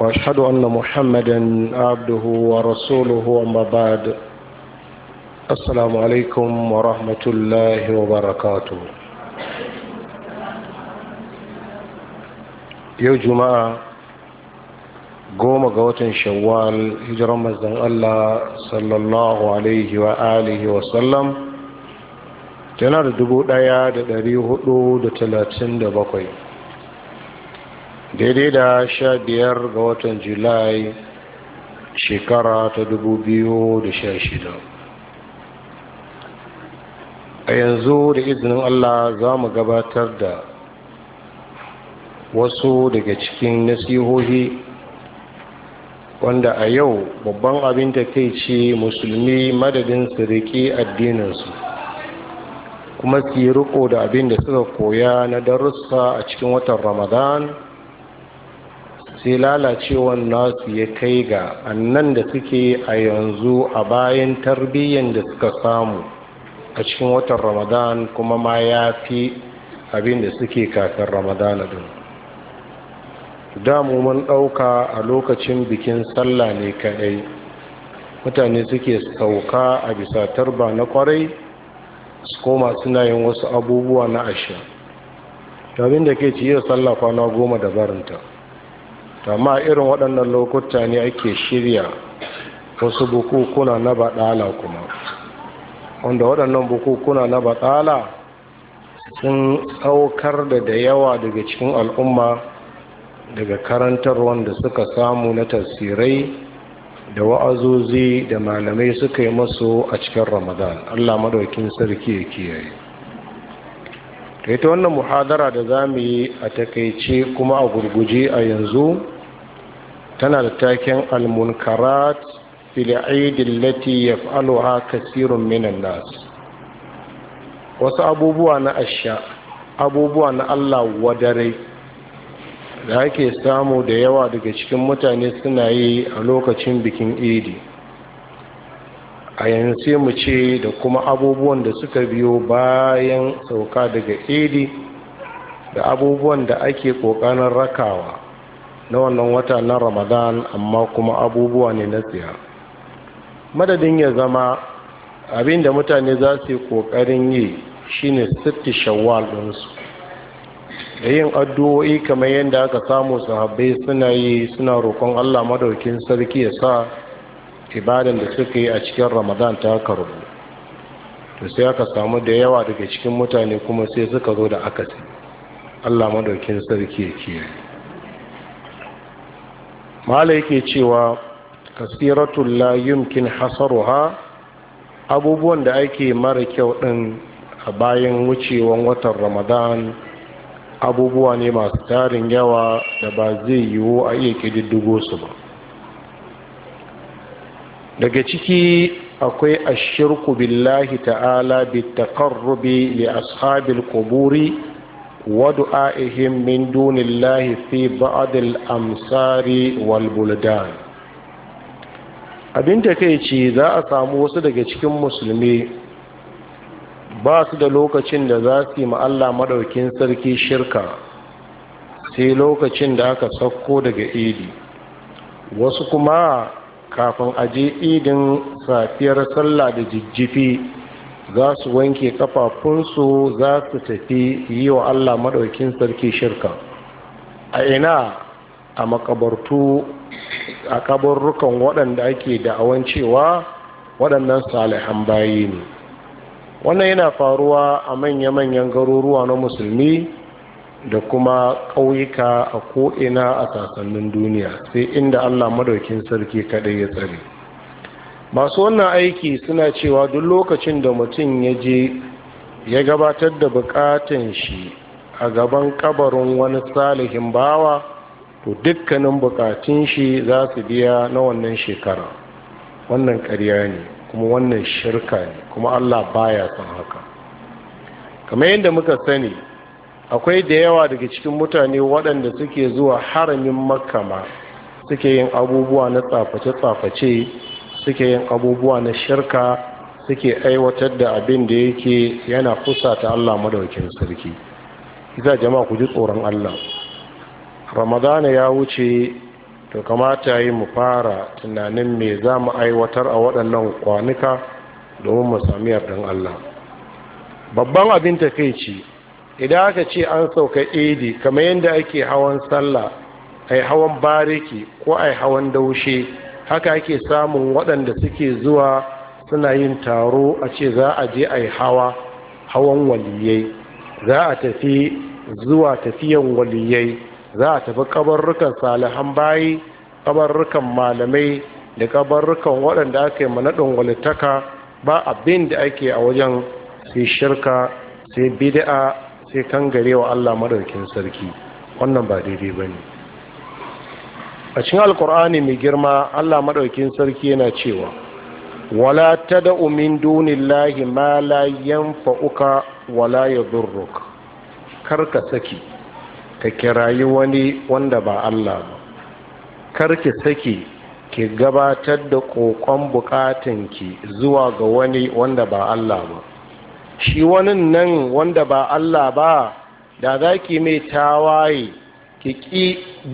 واشهد ان محمدا عبده ورسوله اما بعد السلام عليكم ورحمه الله وبركاته يوم جماعه goma ga watan shawwal hijiran mazan Allah sallallahu alaihi wa alihi wa sallam tana da dubu ɗaya da ɗari huɗu da talatin da bakwai daidai da sha biyar ga watan julai shekara ta dubu biyu da sha shida a yanzu da izinin allah za mu gabatar da wasu daga cikin nasihohi wanda a yau babban abin da kai ce musulmi madadin su riƙe addininsu kuma su yi riko da abin da suka koya na darussa a cikin watan ramadan sai lalacewa nasu ya kai ga annan da suke a yanzu a bayan tarbiyyar da suka samu a cikin watan ramadan kuma ma ya fi abin da suke kafin ramadana din damu mun ɗauka a lokacin bikin sallah ne kaɗai mutane suke sauka a bisa tarba na kwarai su koma suna yin wasu abubuwa na ashe. abin da ke ciyar sallah kwana goma da barinta amma irin waɗannan lokuta ne ake shirya wasu bukukuna na baɗala kuma wanda waɗannan bukukuna na baɗala sun saukar da da yawa daga cikin al'umma daga karantar wanda suka samu na tasirai da wa'azuzi, da malamai suka yi masu a cikin ramadan allah maɗaukin sarki ya kiyaye ta ita wannan muhadara da za mu yi a takaice kuma a gurguje a yanzu tana da taken almunkarat fil'aidin lati ya fa'aluwa kasirun minan nasu wasu abubuwa na asha abubuwa na allah wadare da ake samu da yawa daga cikin mutane suna yi a lokacin bikin idi a yanzu sai mu ce da kuma abubuwan da suka biyo bayan sauka daga Edi, da abubuwan da ake ƙoƙarin rakawa na wannan wata na ramadan amma kuma abubuwa ne na tsiya madadin ya zama abin da mutane za su yi ƙoƙarin yi shine sitti shawwal ɗinsu da yin addu'o'i kamar yadda aka samu sahabbai suna yi suna roƙon allah madaukin sarki ya sa ibadan da suka yi a cikin ramadan ta karbu to sai aka samu da yawa daga cikin mutane kuma sai suka zo da akasi allah madaukin sarki ya kiyaye mala yake cewa kasiratul la yumkin hasaruha abubuwan da ake mara kyau din a bayan wucewan watan ramadan abubuwa ne masu tarin yawa da ba zai yiwu a iya ƙididdigo su ba daga ciki akwai ashirku billahi ta'ala bi taqarrubi li ashabil quburi wa du'aihim min dunillahi fi ba'd amsari wal buldan abin kai ce za a samu wasu daga cikin musulmi ba su da lokacin da za su yi ma Allah madaukin sarki shirka sai lokacin da aka sauko daga idi wasu kuma kafin a je idin safiyar sallah da jijjifi za su wanke kafafunsu za su tafi yi wa allah maɗaukin sarki shirka a ina a makabartu a kabarrukan waɗanda ake da'awan cewa waɗannan salihan bayi ne wannan yana faruwa a manya-manyan garuruwa na musulmi da kuma ƙauyuka a ko'ina a sasannin duniya sai inda allah madaukin sarki kaɗai ya tsare masu wannan aiki suna cewa duk lokacin da mutum ya je ya gabatar da bukatan shi a gaban kabarin wani salihin bawa to dukkanin buƙatun shi za su biya na wannan shekara wannan ƙarya ne kuma wannan shirka ne kuma allah baya son haka kamar yadda muka sani akwai da yawa daga cikin mutane waɗanda suke zuwa haramin makama suke yin abubuwa na tsaface-tsaface suke yin abubuwa na shirka suke aiwatar da abin da yake yana kusa ta Allah madaukin sarki isa jama'a ku ji tsoron Allah ramadana ya wuce to kamata yi mu fara tunanin me za mu aiwatar a waɗannan kwanuka domin mu sami yardan Allah babban abin takeici idan aka ce an sauka Edi, kamar yadda ake hawan sallah ai hawan bariki ko ai hawan daushe haka ake samun waɗanda suke zuwa suna yin taro a ce za a je ai hawa hawan waliyai za a tafi zuwa tafiyan waliyai za a tafi kabarrukan salihan bayi kabarrukan malamai da kabarrukan waɗanda aka yi manaɗin walittaka ba abin da ake a wajen sai shirka sai bid'a sai kan gare wa Allah madaukin sarki wannan ba daidai ba ne a cikin alkur'ani mai girma Allah madaukin sarki yana cewa wala tad'u min dunillahi ma la yanfa'uka wala yadhurruk kar ka saki ka kirayi wani wanda ba Allah ba kar ki saki ki gabatar da kokon bukatanki zuwa ga wani wanda ba Allah ba shi wani nan wanda ba Allah ba da za ki mai tawaye ki ƙi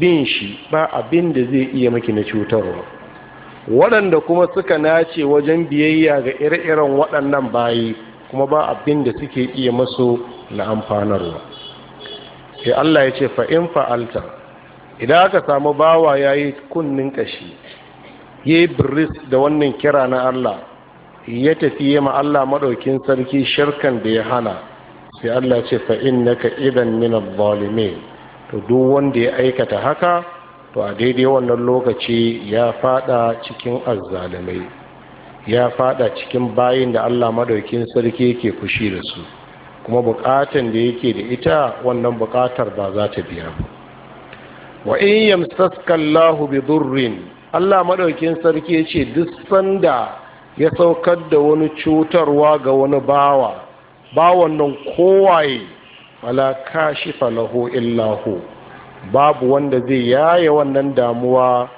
bin shi ba abin da zai iya maki na cutarwa waɗanda kuma suka nace wajen biyayya ga ire-iren waɗannan bayi kuma ba abin da suke iya maso na amfanarwa sai Allah ya ce fa'in fa'alta idan aka samu bawa ya yi kunnin ƙashi ya yi biris da wannan kira na Allah ya tafi yama ma Allah maɗaukin sarki shirkan da ya hana sai Allah ce na ka idan min zalime to duk wanda ya aikata haka to a daidai wannan lokaci ya fada cikin azzalimai ya fada cikin bayin da Allah maɗaukin sarki yake fushi da su kuma bukatan da yake da ita wannan buƙatar ba za ta biya ba wa in yamsaskallahu bi durrin Allah madaukin sarki yace duk sanda ya saukar da wani cutarwa ga wani bawa bawan nan kowaye fala shi falahu illahu babu wanda zai yaye wannan damuwa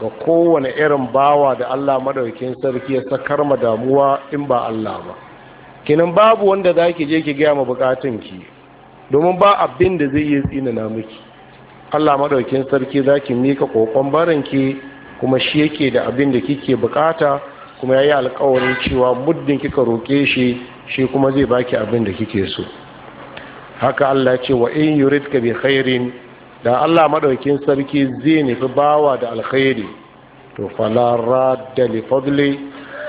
ga kowane irin bawa da Allah Maɗaukin sarki ya sakar ma damuwa in ba Allah ba kinan babu wanda za ki je ki gaya ma bukatun ki domin ba abin da zai yi tsinana miki Allah Maɗaukin sarki za ki mika kokon baranki kuma shi yake da abin da kike bukata kuma ya yi alƙawarin cewa muddin kika roƙe shi shi kuma zai baki abin da kike so haka Allah ce wa in ritka bi khairin da Allah madaukin sarki zai nufi bawa da alkhairi to Falara da li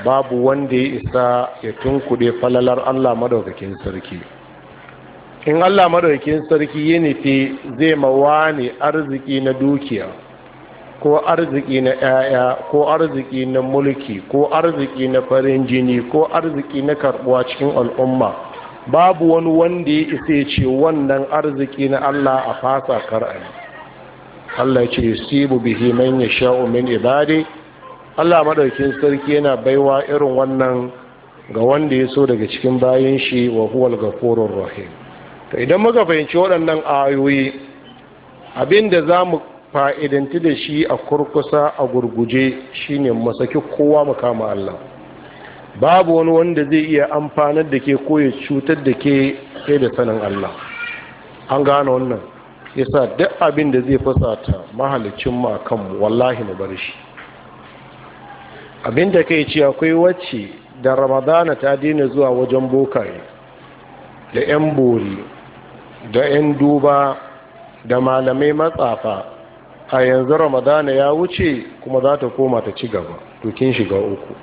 babu wanda ya isa ya tunkuɗe falalar Allah madaukakin sarki in Allah madaukin sarki ya nufi zai mawane arziki na dukiya ko arziki na ‘ya'ya ko arziki na mulki ko arziki na farin jini ko arziki na karbuwa cikin al'umma babu wani wanda ya isa ce wannan arziki na Allah a fasa kar'ani Allah ce sibu bihi man yasha'u min ibadi Allah madaukin sarki yana baiwa irin wannan ga wanda ya so daga cikin bayan shi wa huwal ghafurur rahim to idan muka fahimci waɗannan ayoyi abinda zamu fa'idanti da shi a kurkusa a gurguje shine ne masaki kowa mu Allah babu wani wanda zai iya amfanar da ke koya cutar da ke sai da sanin Allah an gane wannan yasa duk abin da zai fusata mahalicin mu akan wallahi mu bar shi abin da kai ce akwai wacce da ramadana ta daina zuwa wajen bokaye da 'yan bori da 'yan duba da malamai matsafa a yanzu ramadana ya wuce kuma za ta koma ta ci gaba to kin shiga uku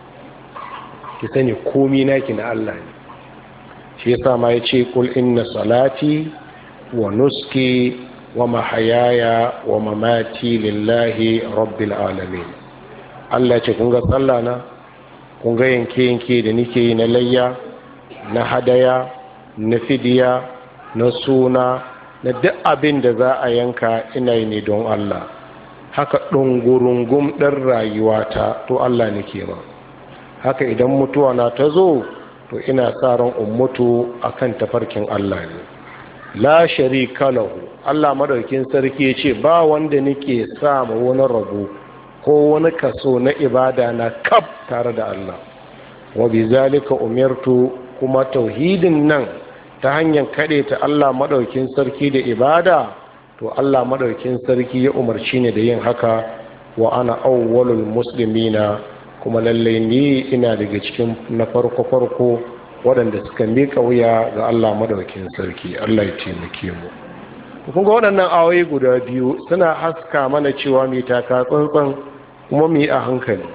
ki sani komi naki na Allah ne shi sa ma ce kul inna salati wa nuski wa mahayaya wa mamati lillahi rabbil alamin Allah ce kun ga sallah na kun ga yanke yanke da nike yi na layya na hadaya na fidiya na suna na duk abin da za a yanka ina yi ne don Allah haka ɗungurungum ɗin rayuwata to Allah ne ke ba haka idan mutuwa na ta zo to ina sa ran mutu a kan tafarkin Allah ne la sharika lahu Allah maɗaukin sarki ya ce ba wanda nake sa ma wani rabu ko wani kaso na ibada na kaf tare da Allah wa bi zalika umirtu kuma tauhidin nan ta hanyar kaɗe ta Allah maɗaukin sarki da ibada to Allah maɗaukin sarki ya umarci ni da yin haka wa ana awwalul muslimina kuma lallai ni ina daga cikin na farko farko waɗanda suka mika wuya ga Allah maɗaukin sarki Allah ya taimake mu kun ga waɗannan awayi guda biyu suna haska mana cewa mai taka tsantsan kuma mai a hankali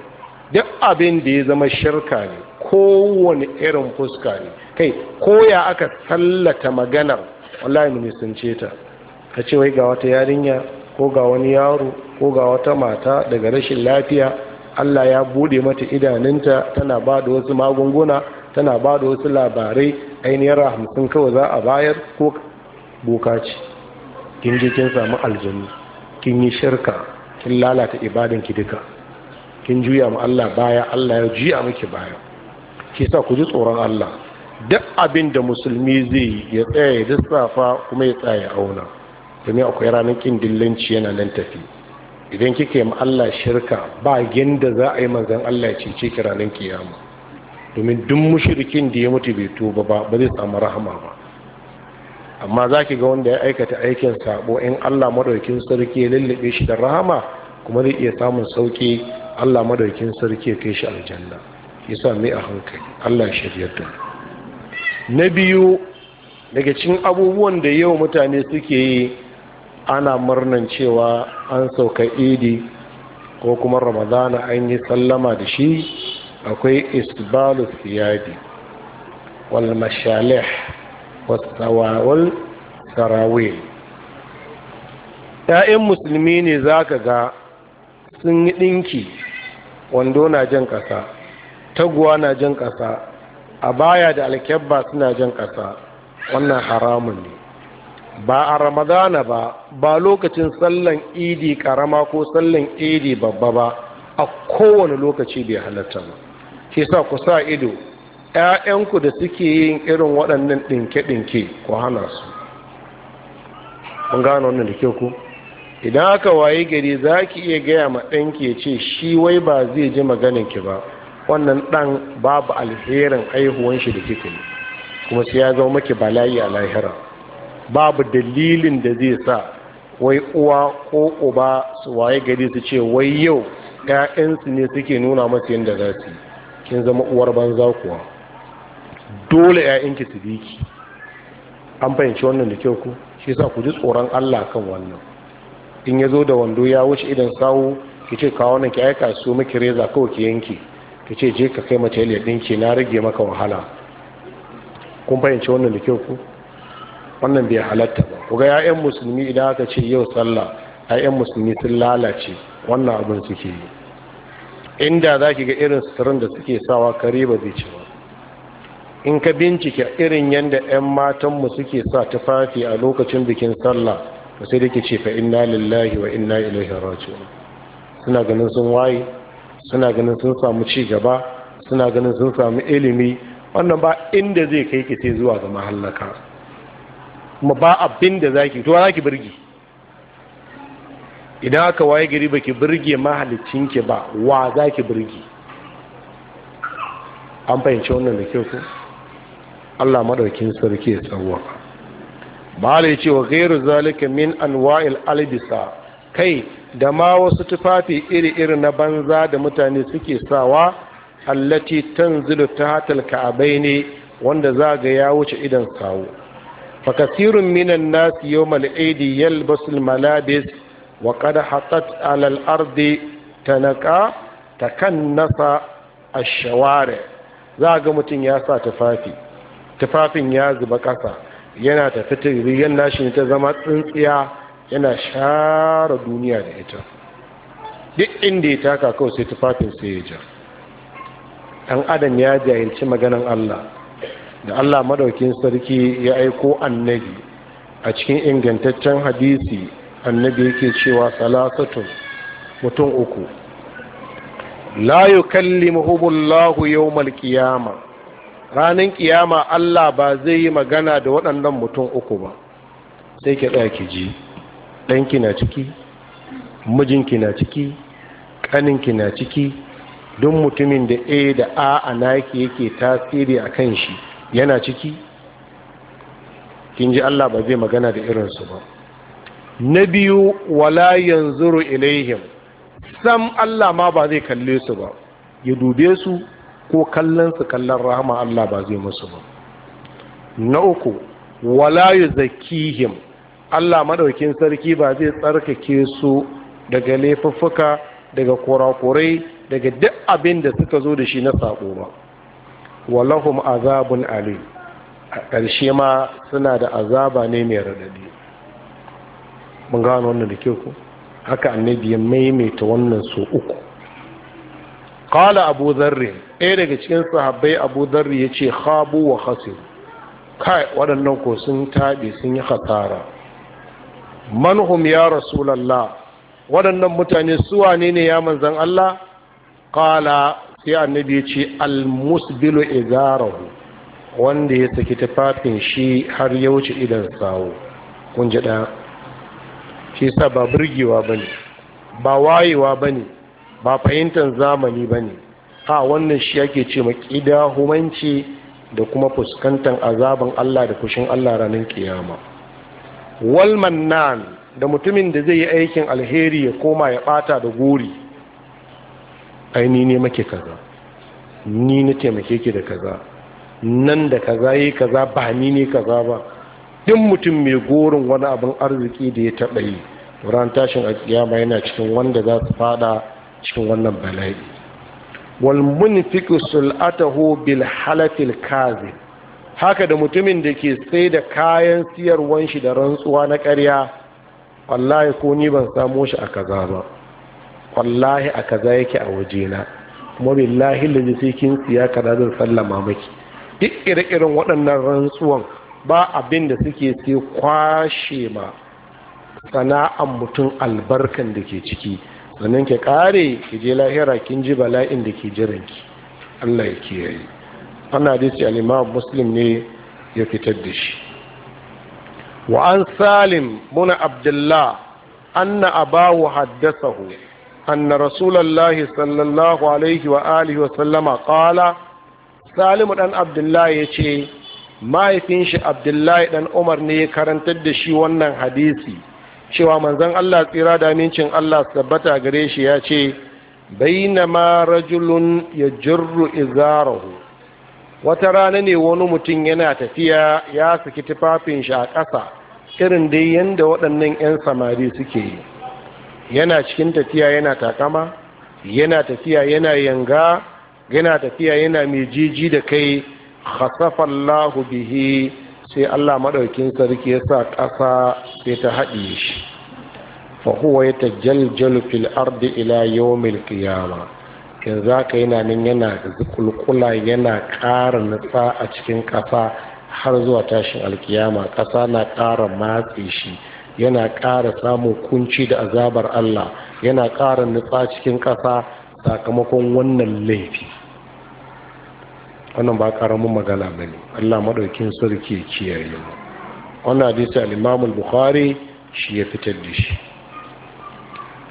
duk abin da ya zama shirka ne kowane irin fuska ne kai koya aka sallata maganar wallahi mu nisance ta ka ce wai ga wata yarinya ko ga wani yaro ko ga wata mata daga rashin lafiya Allah ya bude mata idanunta tana ba da wasu magunguna tana ba da wasu labarai ainihin hamsin kawai za a bayar ko bukaci. kin je kin samu kin yi shirka kin lalata ibadan ki duka kin juya mu Allah baya Allah ya juya miki baya ki sa ku ji tsoron Allah duk abin da musulmi zai yi ya tsaya ya lissafa kuma ya tsaya ya auna domin akwai ranar kin dillanci yana nan tafi idan kika yi Allah shirka ba yanda za a yi manzan Allah ya cece ki ranar kiyama domin duk mushrikin da ya mutu bai tuba ba ba zai samu rahama ba amma za ki ga wanda ya aikata aikin sabo in Allah madaukin sarki ya lullube shi da rahama kuma zai iya samun sauki Allah madaukin sarki ya kai shi aljanna yasa mai a hankali Allah shiryar da na biyu daga cikin abubuwan da yau mutane suke yi ana murnan cewa an sauka idi ko kuma ramadana an yi sallama da shi akwai isbalus yadi wal mashalih wasawawal sarawe ‘ya'yan musulmi ne za ka ga sun yi ɗinki wando na jan ƙasa taguwa na jan ƙasa a baya da alkyabba suna jan ƙasa wannan haramun ne ba a ramadana ba ba lokacin sallan idi karama ko sallan idi babba ba a kowane lokaci bai halatta ba ke sa ku sa ido 'ya'yanku da suke yin irin waɗannan ɗinke-ɗinke ku hana su mun gano wannan da ke ku idan aka waye gari za ki iya gaya ma ɗanki ya ce shi wai ba zai ji ki ba wannan ɗan babu alherin haihuwan shi da kika kuma sai ya zama maki bala'i a lahira babu dalilin da zai sa wai uwa ko uba su waye gari su ce wai yau ƴaƴansu ne suke nuna masu yadda za su kin zama uwar banza kuwa dole ƴaƴanki su bi ki an fahimci wannan da kyau ku shi yasa ku ji tsoron Allah kan wannan in ya zo da wando ya wuce idan sawu ki ce kawo nan ki aika su miki reza kawai ki yanke ki ce je ka kai mace yalya ɗinki na rage maka wahala kun fahimci wannan da kyau ku wannan bai halatta ba ku ga 'ya'yan musulmi idan aka ce yau sallah 'ya'yan musulmi sun lalace wannan abin suke yi inda za ki ga irin sirrin da suke sawa kare ba zai ce ba in ka bincike irin yadda 'yan matanmu suke sa tufafi a lokacin bikin sallah ba sai da ke ce fa inna lillahi wa inna ilaihi raji'un suna ganin sun waye suna ganin sun samu ci gaba suna ganin sun samu ilimi wannan ba inda zai kai ki sai zuwa ga mahallaka kuma ba abin da zaki to zaki birgi idan aka waye gari baki birge mahalicinki ki ba wa zaki birgi an fahimci wannan da kyau ko Allah madaukin sarki ya tsawwa bala ya ce wa ghairu zalika min anwa'il albisa kai da ma wasu tufafi iri-iri na banza da mutane suke sawa allati tanzilu ta a bai ne wanda za ya wuce idan sawo فكثير من الناس يوم العيد يلبس الملابس وقد حطت على الأرض تنقى تكنس الشوارع za ga mutum ya sa tufafi tufafin ya zuba ƙasa yana tafi tiriyar nashi ta zama tsintsiya yana shara duniya da ita duk inda ya taka kawai sai tufafin sai ya ja ɗan adam ya jahilci maganan Allah da Allah madaukin sarki ya aiko annabi a cikin ingantaccen hadisi annabi yake cewa salasatun mutum uku la yukallimuhumullahu yawmal qiyama ranan kiyama Allah ba zai yi magana da waɗannan mutum uku ba sai ki tsaya ki ji ɗanki na ciki mijinki na ciki ƙaninki na ciki duk mutumin da a da a a naki yake tasiri a kan shi yana ciki kin ji Allah ba zai magana da irinsu ba na biyu wala yanzuru ilaihim sam Allah ma ba zai kalle su ba ya dube su ko kallon su kallon rahama Allah ba zai musu ba na uku wala yuzakkihim Allah madaukin sarki ba zai tsarkake su daga laifuffuka daga kurakurai daga duk abin da suka zo da shi na sako ba Walahum azabun Ali, a ƙarshe ma suna da azaba ne mai raɗaɗi mun gano wannan da ke ku haka annabi ya maimaita wannan su uku qala abu zarri ɗaya daga cikin sahabbai abu zarri ya ce khabu wa khasiru kai waɗannan ko sun taɓe sun yi hasara manhum ya rasulallah waɗannan mutane suwa ne ne ya manzan Allah ƙala sai annabi ya ce almusbilu izarahu wanda ya saki tafafin shi har ya wuce idan sawo kun ji ɗaya shi sa ba burgewa ba ne ba wayewa ba ne ba fahimtar zamani ba ne ha wannan shi yake ce maƙida humanci da kuma fuskantar azaban Allah da kushin Allah ranar kiyama walmannan da mutumin da zai yi aikin alheri ya koma ya ɓata da guri ai ne make kaza ni na taimake ki da kaza nan da kaza yi kaza ba ni ne kaza ba duk mutum mai gorin wani abin arziki da ya taɓa yi ran tashin a kiyama yana cikin wanda za su fada cikin wannan bala'i wal munfiqu sul'atahu bil halatil kazi, haka da mutumin da ke sai da kayan siyarwan shi da rantsuwa na ƙarya wallahi ko ni ban samo shi a kaza ba wallahi a kaza yake a wajena kuma billahi da sai kin siya kaza zan sallama maki duk ire-iren waɗannan rantsuwan ba abin da suke sai kwashe ma sana'an mutum albarkan da ke ciki sannan ke kare ki je lahira kin ji bala'in da ke jiran ki. Allah ya kiyaye ana da shi alima Muslim ne ya fitar da shi wa an Salim muna Abdullah anna abahu haddathahu أن رسول الله صلى الله عليه وآله وسلم قال سالم ɗan عبد الله يشي ما يفينش عبد الله أن عمر ني كرنتد شي ونن حديثي cewa manzon Allah tsira da amincin Allah tabbata gare shi ya ce bainama rajulun ya jirru izarahu wata rana ne wani mutum yana tafiya ya saki tufafin shi a ƙasa irin dai yadda waɗannan 'yan samari suke yi yana cikin tafiya yana takama yana tafiya yana yanga yana tafiya yana mai jiji da kai khasafallahu bihi sai Allah madaukin sarki ya sa ƙasa sai ta haɗe shi fa huwa yatajaljalu fil ardi ila yawmil qiyamah yanzu haka yana nan yana zukulkula yana ƙara nutsa a cikin ƙasa har zuwa tashin alkiyama ƙasa na ƙara matse shi yana ƙara samun kunci da azabar Allah yana ƙara nutsa cikin ƙasa sakamakon wannan laifi wannan ba ƙaramin magana ba ne Allah maɗaukin sarki kiyaye mu wannan hadisi al-Imam bukhari shi ya fitar da shi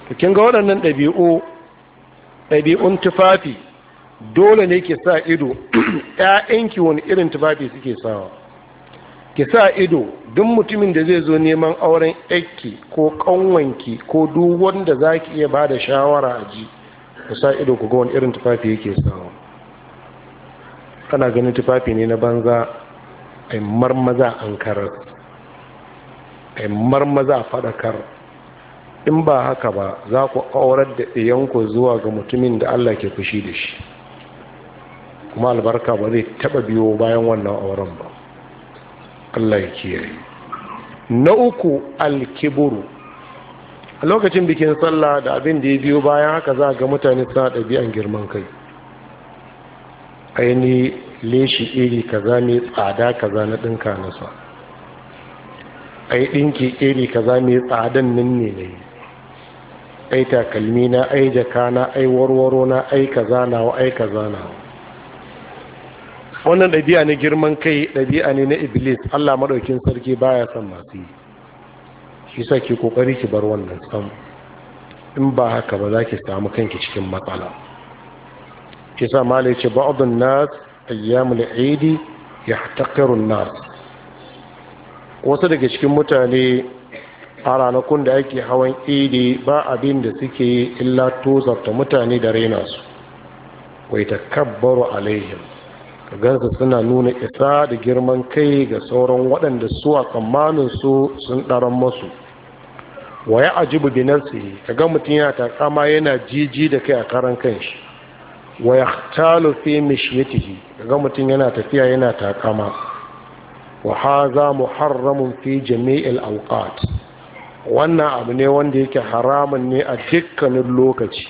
to kin ga waɗannan ɗabi'u ɗabi'un tufafi dole ne ke sa ido ƴaƴanki wani irin tufafi suke sawa ki sa ido duk mutumin da zai zo neman auren aiki ko ƙanwanki ko duk wanda za ki iya ba da shawara a ji ku sa ido ku ga wani irin tufafi yake sawa kana ganin tufafi ne na banza a marmaza an karar a marmaza faɗakar in ba haka ba za ku aurar da ɗiyanku zuwa ga mutumin da allah ke fushi da shi kuma albarka ba zai taɓa biyo bayan wannan auren ba Allah ya kiyaye na uku alkiburu a lokacin bikin sallah da abin da ya biyo bayan haka za ga mutane suna ɗabi'an girman kai aini leshi iri kaza mai tsada kaza na ɗinka nasa ai ɗinki iri kaza mai tsadan nan ne ne ai takalmi na ai jaka na ai warwaro na ai kaza nawa ai kaza wa wannan ɗabi'a ne girman kai ɗabi'a ne na iblis allah maɗaukin sarki baya son masu yi shi sa ke ƙoƙari ki bar wannan sam in ba haka ba za ki samu kanki cikin matsala shi sa mala ya ce ba'adun nas ayyamul aidi ya takarun nas wasu daga cikin mutane a ranakun da ake hawan idi ba abin da suke yi illa tozarta mutane da raina su wai ta takabbaru alaihim ka gansa suna nuna isa da girman kai ga sauran waɗanda su a tsammanin su sun ɗaran masu wa ya ajibu bi Ka ga mutum yana takama yana jiji da kai a karan kanshi wa talo fi Ka ga mutum yana tafiya yana takama wa mu haramun fi jami'il awqat wannan abu ne wanda yake haramun ne a dukkanin lokaci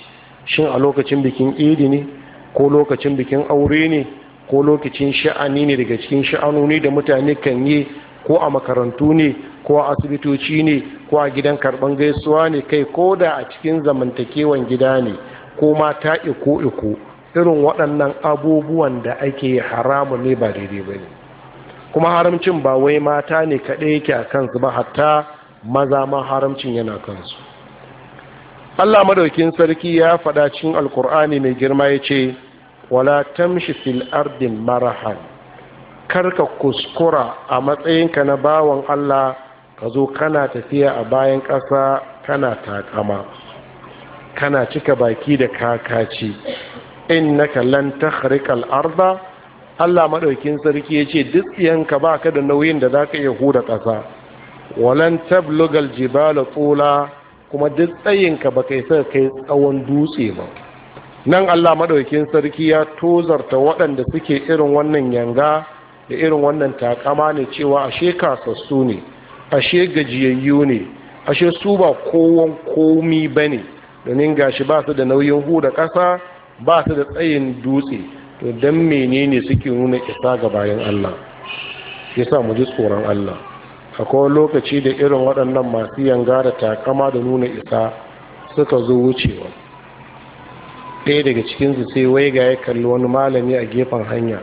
shin a lokacin bikin idi ne ko lokacin bikin aure ne ko lokacin sha'ani ne daga cikin sha'anoni da mutane kan yi ko a makarantu ne ko a asibitoci ne ko a gidan karban gaisuwa ne kai ko da a cikin zamantakewan gida ne ko ma ta iko iko irin waɗannan abubuwan da ake haramun ne ba daidai ba ne kuma haramcin ba wai mata ne kaɗai yake a kansu ba hatta maza ma haramcin yana kansu Allah madaukin sarki ya faɗa cikin alkur'ani mai girma ya ce wala tamshi fil ardin marahan karka kuskura a matsayinka na bawan Allah ka zo kana tafiya a bayan ƙasa kana takama kana cika baki da kakaci in lan takhriqal arda Allah maɗaukin sarki ya ce duk tsiyanka ka da nauyin da za ka iya huda ƙasa walan tablugal jibala tsola kuma duk tsayinka baka isa kai tsawon dutse ba nan allah maɗaukin sarki ya tozarta waɗanda suke irin wannan yanga da irin wannan takama ne cewa ashe kasassu ne ashe gajiyayyu ne ashe su ba kowon komi ba ne domin gashi ba su da nauyin huda ƙasa ba su da tsayin dutse to don menene suke nuna isa ga bayan allah ya sa mu ji tsoron allah akwai lokaci da irin waɗannan masu yanga da takama da nuna isa suka zo wucewa ɗaya daga cikinsu sai ga ya kalli wani malami a gefen hanya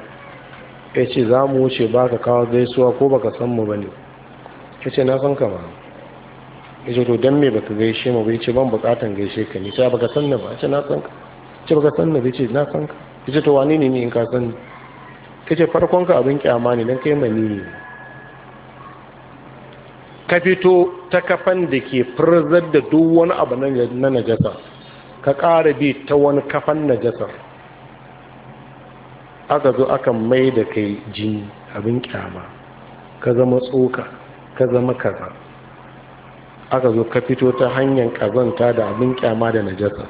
ya ce za mu wuce ba ka kawo gaisuwa ko baka san mu ba ne ya ce na san ka ba ya ce to don me baka gaishe mu ba ya ce ban bukatan gaishe ka ne ba baka san na ba ya ce na san ka ya ce baka san na ba ya ce na san ka ya ce to wani ne ni in ka san ni ya ce farkon ka abin kyama ne don kai mani ne ka fito ta kafan da ke furzar da duk wani abu na najasa ka ƙara bi ta wani kafan najasar aka zo aka mai da kai jini abin kyama ka zama tsoka ka zama kaza aka zo ka fito ta hanyar kazanta da abin kyama da najasa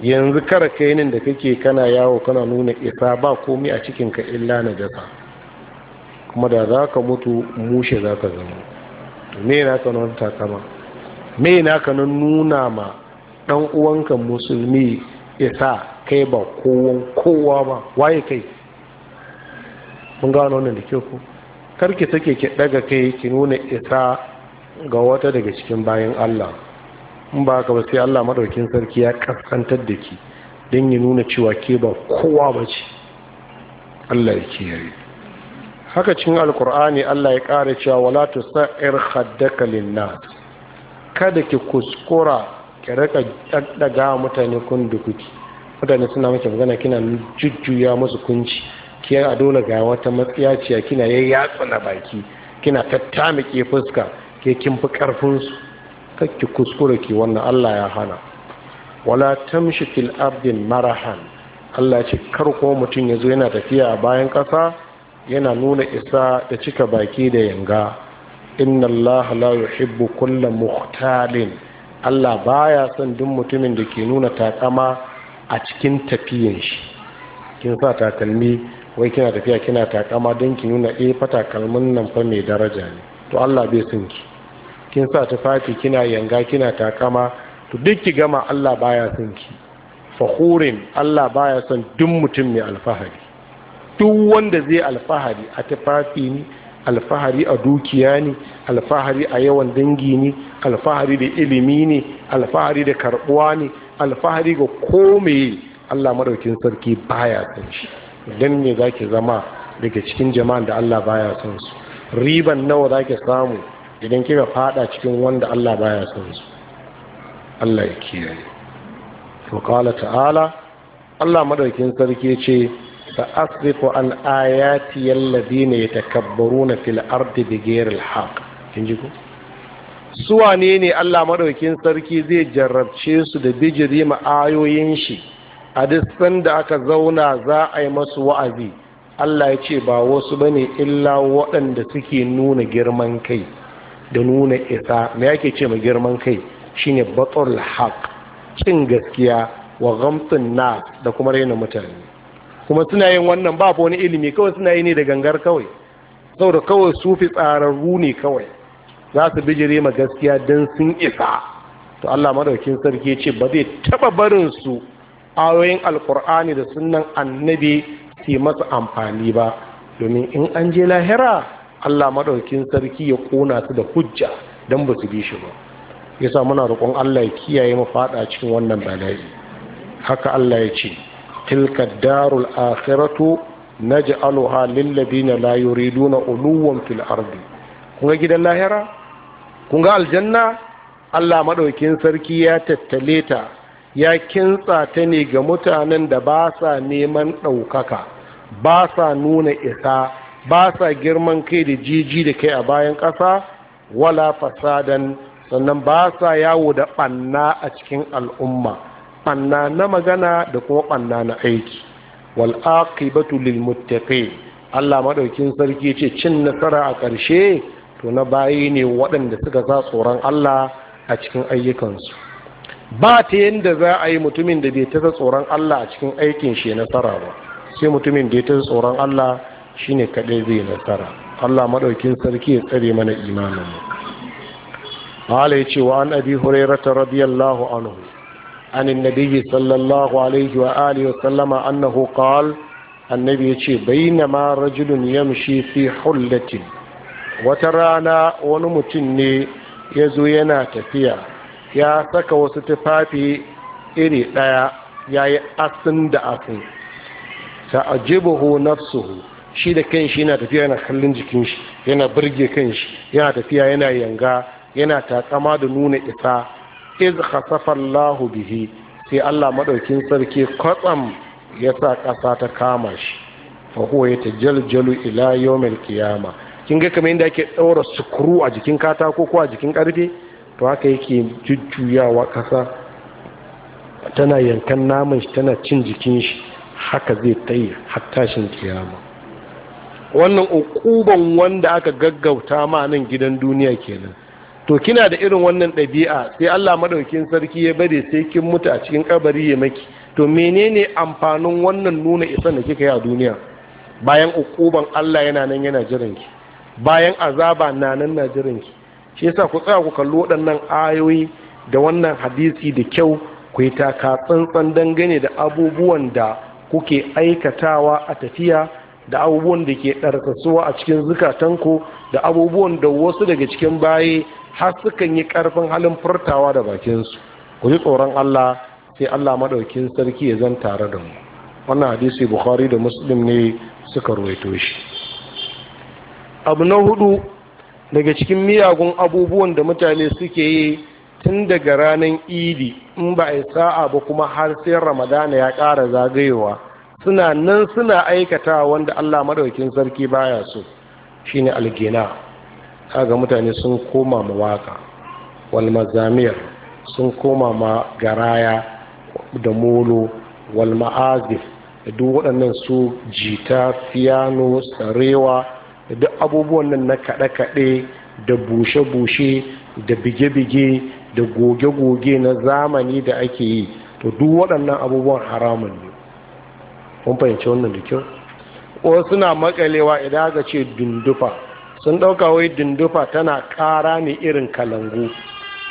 yanzu kara kainin da kake kana yawo kana nuna isa ba komi a cikinka illa najasa kuma da za ka mutu mushe za ka zama me na kanon takama me na kanon nuna ma dan uwanka musulmi ya sa kai ba kowan kowa ba waye kai mun gano wannan da kyau ko karki take ki daga kai ki nuna isa ga wata daga cikin bayan Allah in ba ka ba sai Allah madaukin sarki ya kaskantar da ki don ya nuna cewa ke ba kowa ba ce Allah ya kiyaye haka cikin alkur'ani Allah ya ƙara cewa wala tusa'ir khaddaka linnas kada ki kuskura Ka raka daddaga mutane kun dukuki mutane suna miki magana kina jujjuya musu kunci kiyar a dole ga wata matsiyaciya kina yatsa na baki kina tattamike fuska ke kin fi karfin su kakki kuskure ki wannan Allah ya hana wala tamshi fil abdin marahan Allah ce kar mutum ya zo yana tafiya a bayan ƙasa yana nuna isa da cika baki da yanga inna Allah la yuhibbu kullu muhtalin Allah baya son duk mutumin da ke nuna takama a cikin tafiyan shi kin sa takalmi wai kina tafiya kina takama don ki nuna eh fa takalmin nan fa mai daraja ne to Allah bai son ki kin sa tufafi kina yanga kina takama to duk ki gama Allah baya son ki fakhurin Allah baya son duk mutum mai alfahari duk wanda zai alfahari a tafafi ne alfahari a dukiya ne alfahari a yawan dangi ne alfahari da ilimi ne alfahari da karbuwa ne alfahari ga komai Allah maɗaukin sarki baya son shi dan me zaki zama daga cikin jama'an da Allah baya son su riban nawa za zaki samu idan kika fada cikin wanda Allah baya son su Allah ya kiyaye to ta'ala Allah maɗaukin sarki ce sa'asrifu an ayati alladhina yatakabbaruna fil ardi bighayri alhaq kin ji ko su wanene Allah madaukin sarki zai jarrabce su da bijiri ma ayoyin shi a duk da aka zauna za a yi masu wa'azi Allah ya ce ba wasu bane illa waɗanda suke nuna girman kai da nuna isa me yake ce ma girman kai shine batul haq cin gaskiya wa ghamtun nas da kuma raina mutane kuma suna yin wannan ba wani ilimi kawai suna yi ne da gangar kawai saboda kawai su fi tsararru ne kawai za su bijire ma gaskiya don sun isa to Allah madaukin sarki ce ba zai taba barin su ayoyin alkur'ani da sunan annabi su masa amfani ba domin in an je lahira Allah madaukin sarki ya kona su da hujja don ba su bi shi ba yasa muna roƙon Allah ya kiyaye mu fada cikin wannan bala'i haka Allah ya ce تلك الدار الآخرة نجعلها للذين لا يريدون علوا في الأرض kun ga gidan lahira kun ga aljanna Allah maɗaukin sarki ya tattale ta ya kintsa ne ga mutanen da ba sa neman ɗaukaka ba sa nuna isa ba sa girman kai da jiji da kai a bayan ƙasa wala fasadan sannan ba sa yawo da ɓanna a cikin al'umma ɓanna na magana da kuma ɓanna na aiki wal aqibatu lil muttaqin Allah maɗaukin sarki ce cin nasara a ƙarshe to na bayi ne waɗanda suka sa tsoron Allah a cikin ayyukansu ba ta yadda za a yi mutumin da bai tasa tsoron Allah a cikin aikin shi nasara ba sai mutumin da ya tasa tsoron Allah shine kaɗai zai nasara Allah maɗaukin sarki ya tsare mana imanin mu ya ce wa an abi hurairata radiyallahu anhu عن النبي صلى الله عليه وآله وسلم أنه قال النبي يقول بينما رجل يمشي في حلة وترانا ونمتني يزوينا تفيا يا سكا وستفافي إلي لا يا أسن دأسن تعجبه نفسه shi da kanshi yana tafiya yana kallon jikin shi yana birge kanshi yana tafiya yana yanga yana takama da nuna isa iz khasafa Allah bihi sai Allah madaukin sarki kwatsam ya sa ƙasa ta kama shi fa huwa yatajaljalu ila yawmil qiyama kin ga kamar yadda ake ɗaura sukuru a jikin katako ko a jikin karfe to haka yake jujjuyawa ƙasa tana yankan naman shi tana cin jikin shi haka zai tayi har tashin kiyama wannan ukuban wanda aka gaggauta ma nan gidan duniya kenan to kina da irin wannan ɗabi'a sai Allah maɗaukin sarki ya bari sai kin mutu a cikin kabari ya maki to menene amfanin wannan nuna isan da kika yi a duniya bayan ukuban Allah yana nan yana jiran ki bayan azaba na nan na jiran ki shi yasa ku tsaya ku kallo waɗannan ayoyi da wannan hadisi da kyau ku yi taka tsantsan dangane da abubuwan da kuke aikatawa a tafiya da abubuwan da ke ɗarkasuwa a cikin zukatanku da abubuwan da wasu daga cikin baye har sukan yi karfin halin furtawa da bakinsu ku ji tsoron Allah sai Allah maɗaukin sarki ya zan tare da mu wannan hadisi bukhari da muslim ne suka ruwaito shi abu na hudu daga cikin miyagun abubuwan da mutane suke yi tun daga ranar idi in ba a sa'a ba kuma har sai ramadana ya ƙara zagayowa, suna nan suna aikata wanda allah maɗaukin sarki baya so shine algina kaga mutane sun koma ma waka wal mazamir sun koma ma garaya da molo wal ma'azif da duk waɗannan su jita fiyano sarewa, da duk abubuwan nan na kaɗe-kaɗe da bushe-bushe da bige-bige da goge-goge na zamani da ake yi to duk waɗannan abubuwan haramun ne kun fahimci wannan da kyau wasu na makalewa idan aka ce dundufa sun ɗauka wai dindufa tana ƙara ne irin kalangu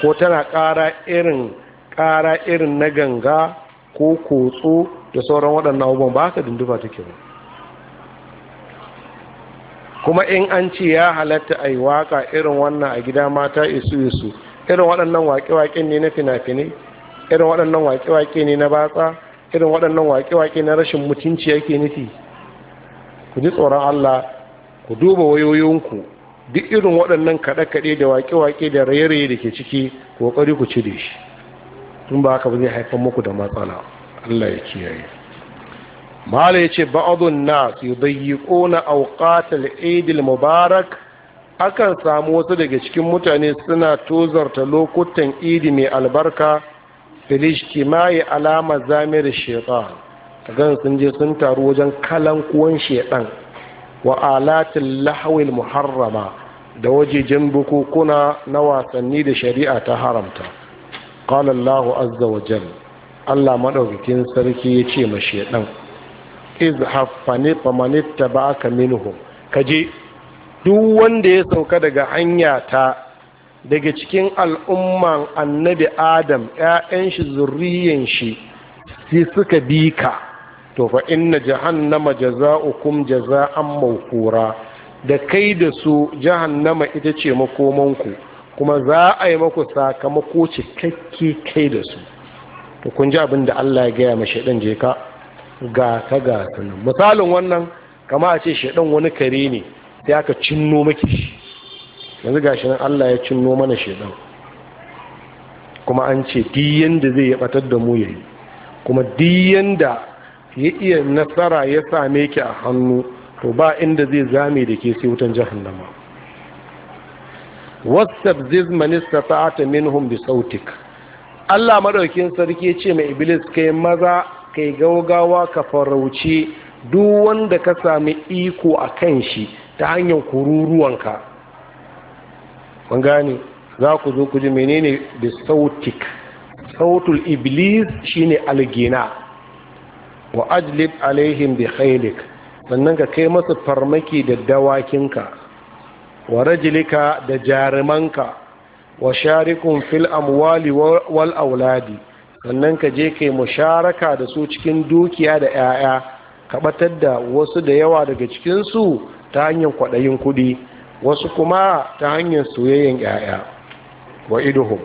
ko tana ƙara irin ƙara irin na ganga ko kotso da sauran waɗannan abubuwan ba haka dindufa take ba kuma in an ce ya halatta a yi waƙa irin wannan a gida mata isu isu irin waɗannan waƙe-waƙe ne na fina-finai irin waɗannan waƙe-waƙe ne na batsa irin waɗannan waƙe-waƙe na rashin mutunci yake nufi ku ji tsoron Allah ku duba wayoyinku duk irin waɗannan kaɗe-kaɗe da waƙe-waƙe da raye-raye da ke ciki ƙoƙari ku cire shi tun ba haka ba zai haifar muku da matsala Allah ya kiyaye mala ya ce ba'adun nas na awqatal eid mubarak akan samu wasu daga cikin mutane suna tozarta lokutan idi mai albarka filishtimai alama zamir shaitan kagan sun je sun taru wajen kalan kuwan shaitan Wa'alatin alatin lahawil muharrama da wajejen bukukuna na wasanni da shari'a ta haramta qala Allah azza wa jan Allah maɗaukakin sarki ya ce ma shaɗan izhaf fani famanitta ba'aka Ka je duk wanda ya sauka daga hanya ta daga cikin al'umman annabi adam 'ya'yan shi zurriyan shi sai suka bi ka to fa inna jahannama jaza'ukum jaza'an mawfura da kai da su jahannama ita ce makoman ku kuma za a yi maku sakamako cikakke kai da su to kun ji abin da Allah ya gaya ma shaidan je ka ga ta ga sunan misalin wannan kama a ce shaidan wani kare ne sai aka cinno miki yanzu gashi nan Allah ya cinno mana shaidan kuma an ce diyan da zai ya batar da mu yayi kuma diyan da ya iya nasara ya same ki a hannu to ba inda zai zame da ke sai wutan jahannama whatsapp ziz manista sa'ata minhum bi sautik Allah madaukin sarki ce mai iblis kai maza kai gaugawa ka farauci duk wanda ka sami iko a kan shi ta hanyar kururuwanka kun gane za ku zo ku ji menene bi sautik sautul iblis shine algina wa ajlib alaihim bi khailik sannan ka kai masa farmaki da dawakinka wa rajilika da jarumanka wa sharikun fil amwali wal auladi sannan ka je kai musharaka da su cikin dukiya da 'ya'ya ka batar da wasu da yawa daga cikinsu ta hanyar kwaɗayin kuɗi wasu kuma ta hanyar soyayyen 'ya'ya wa iduhum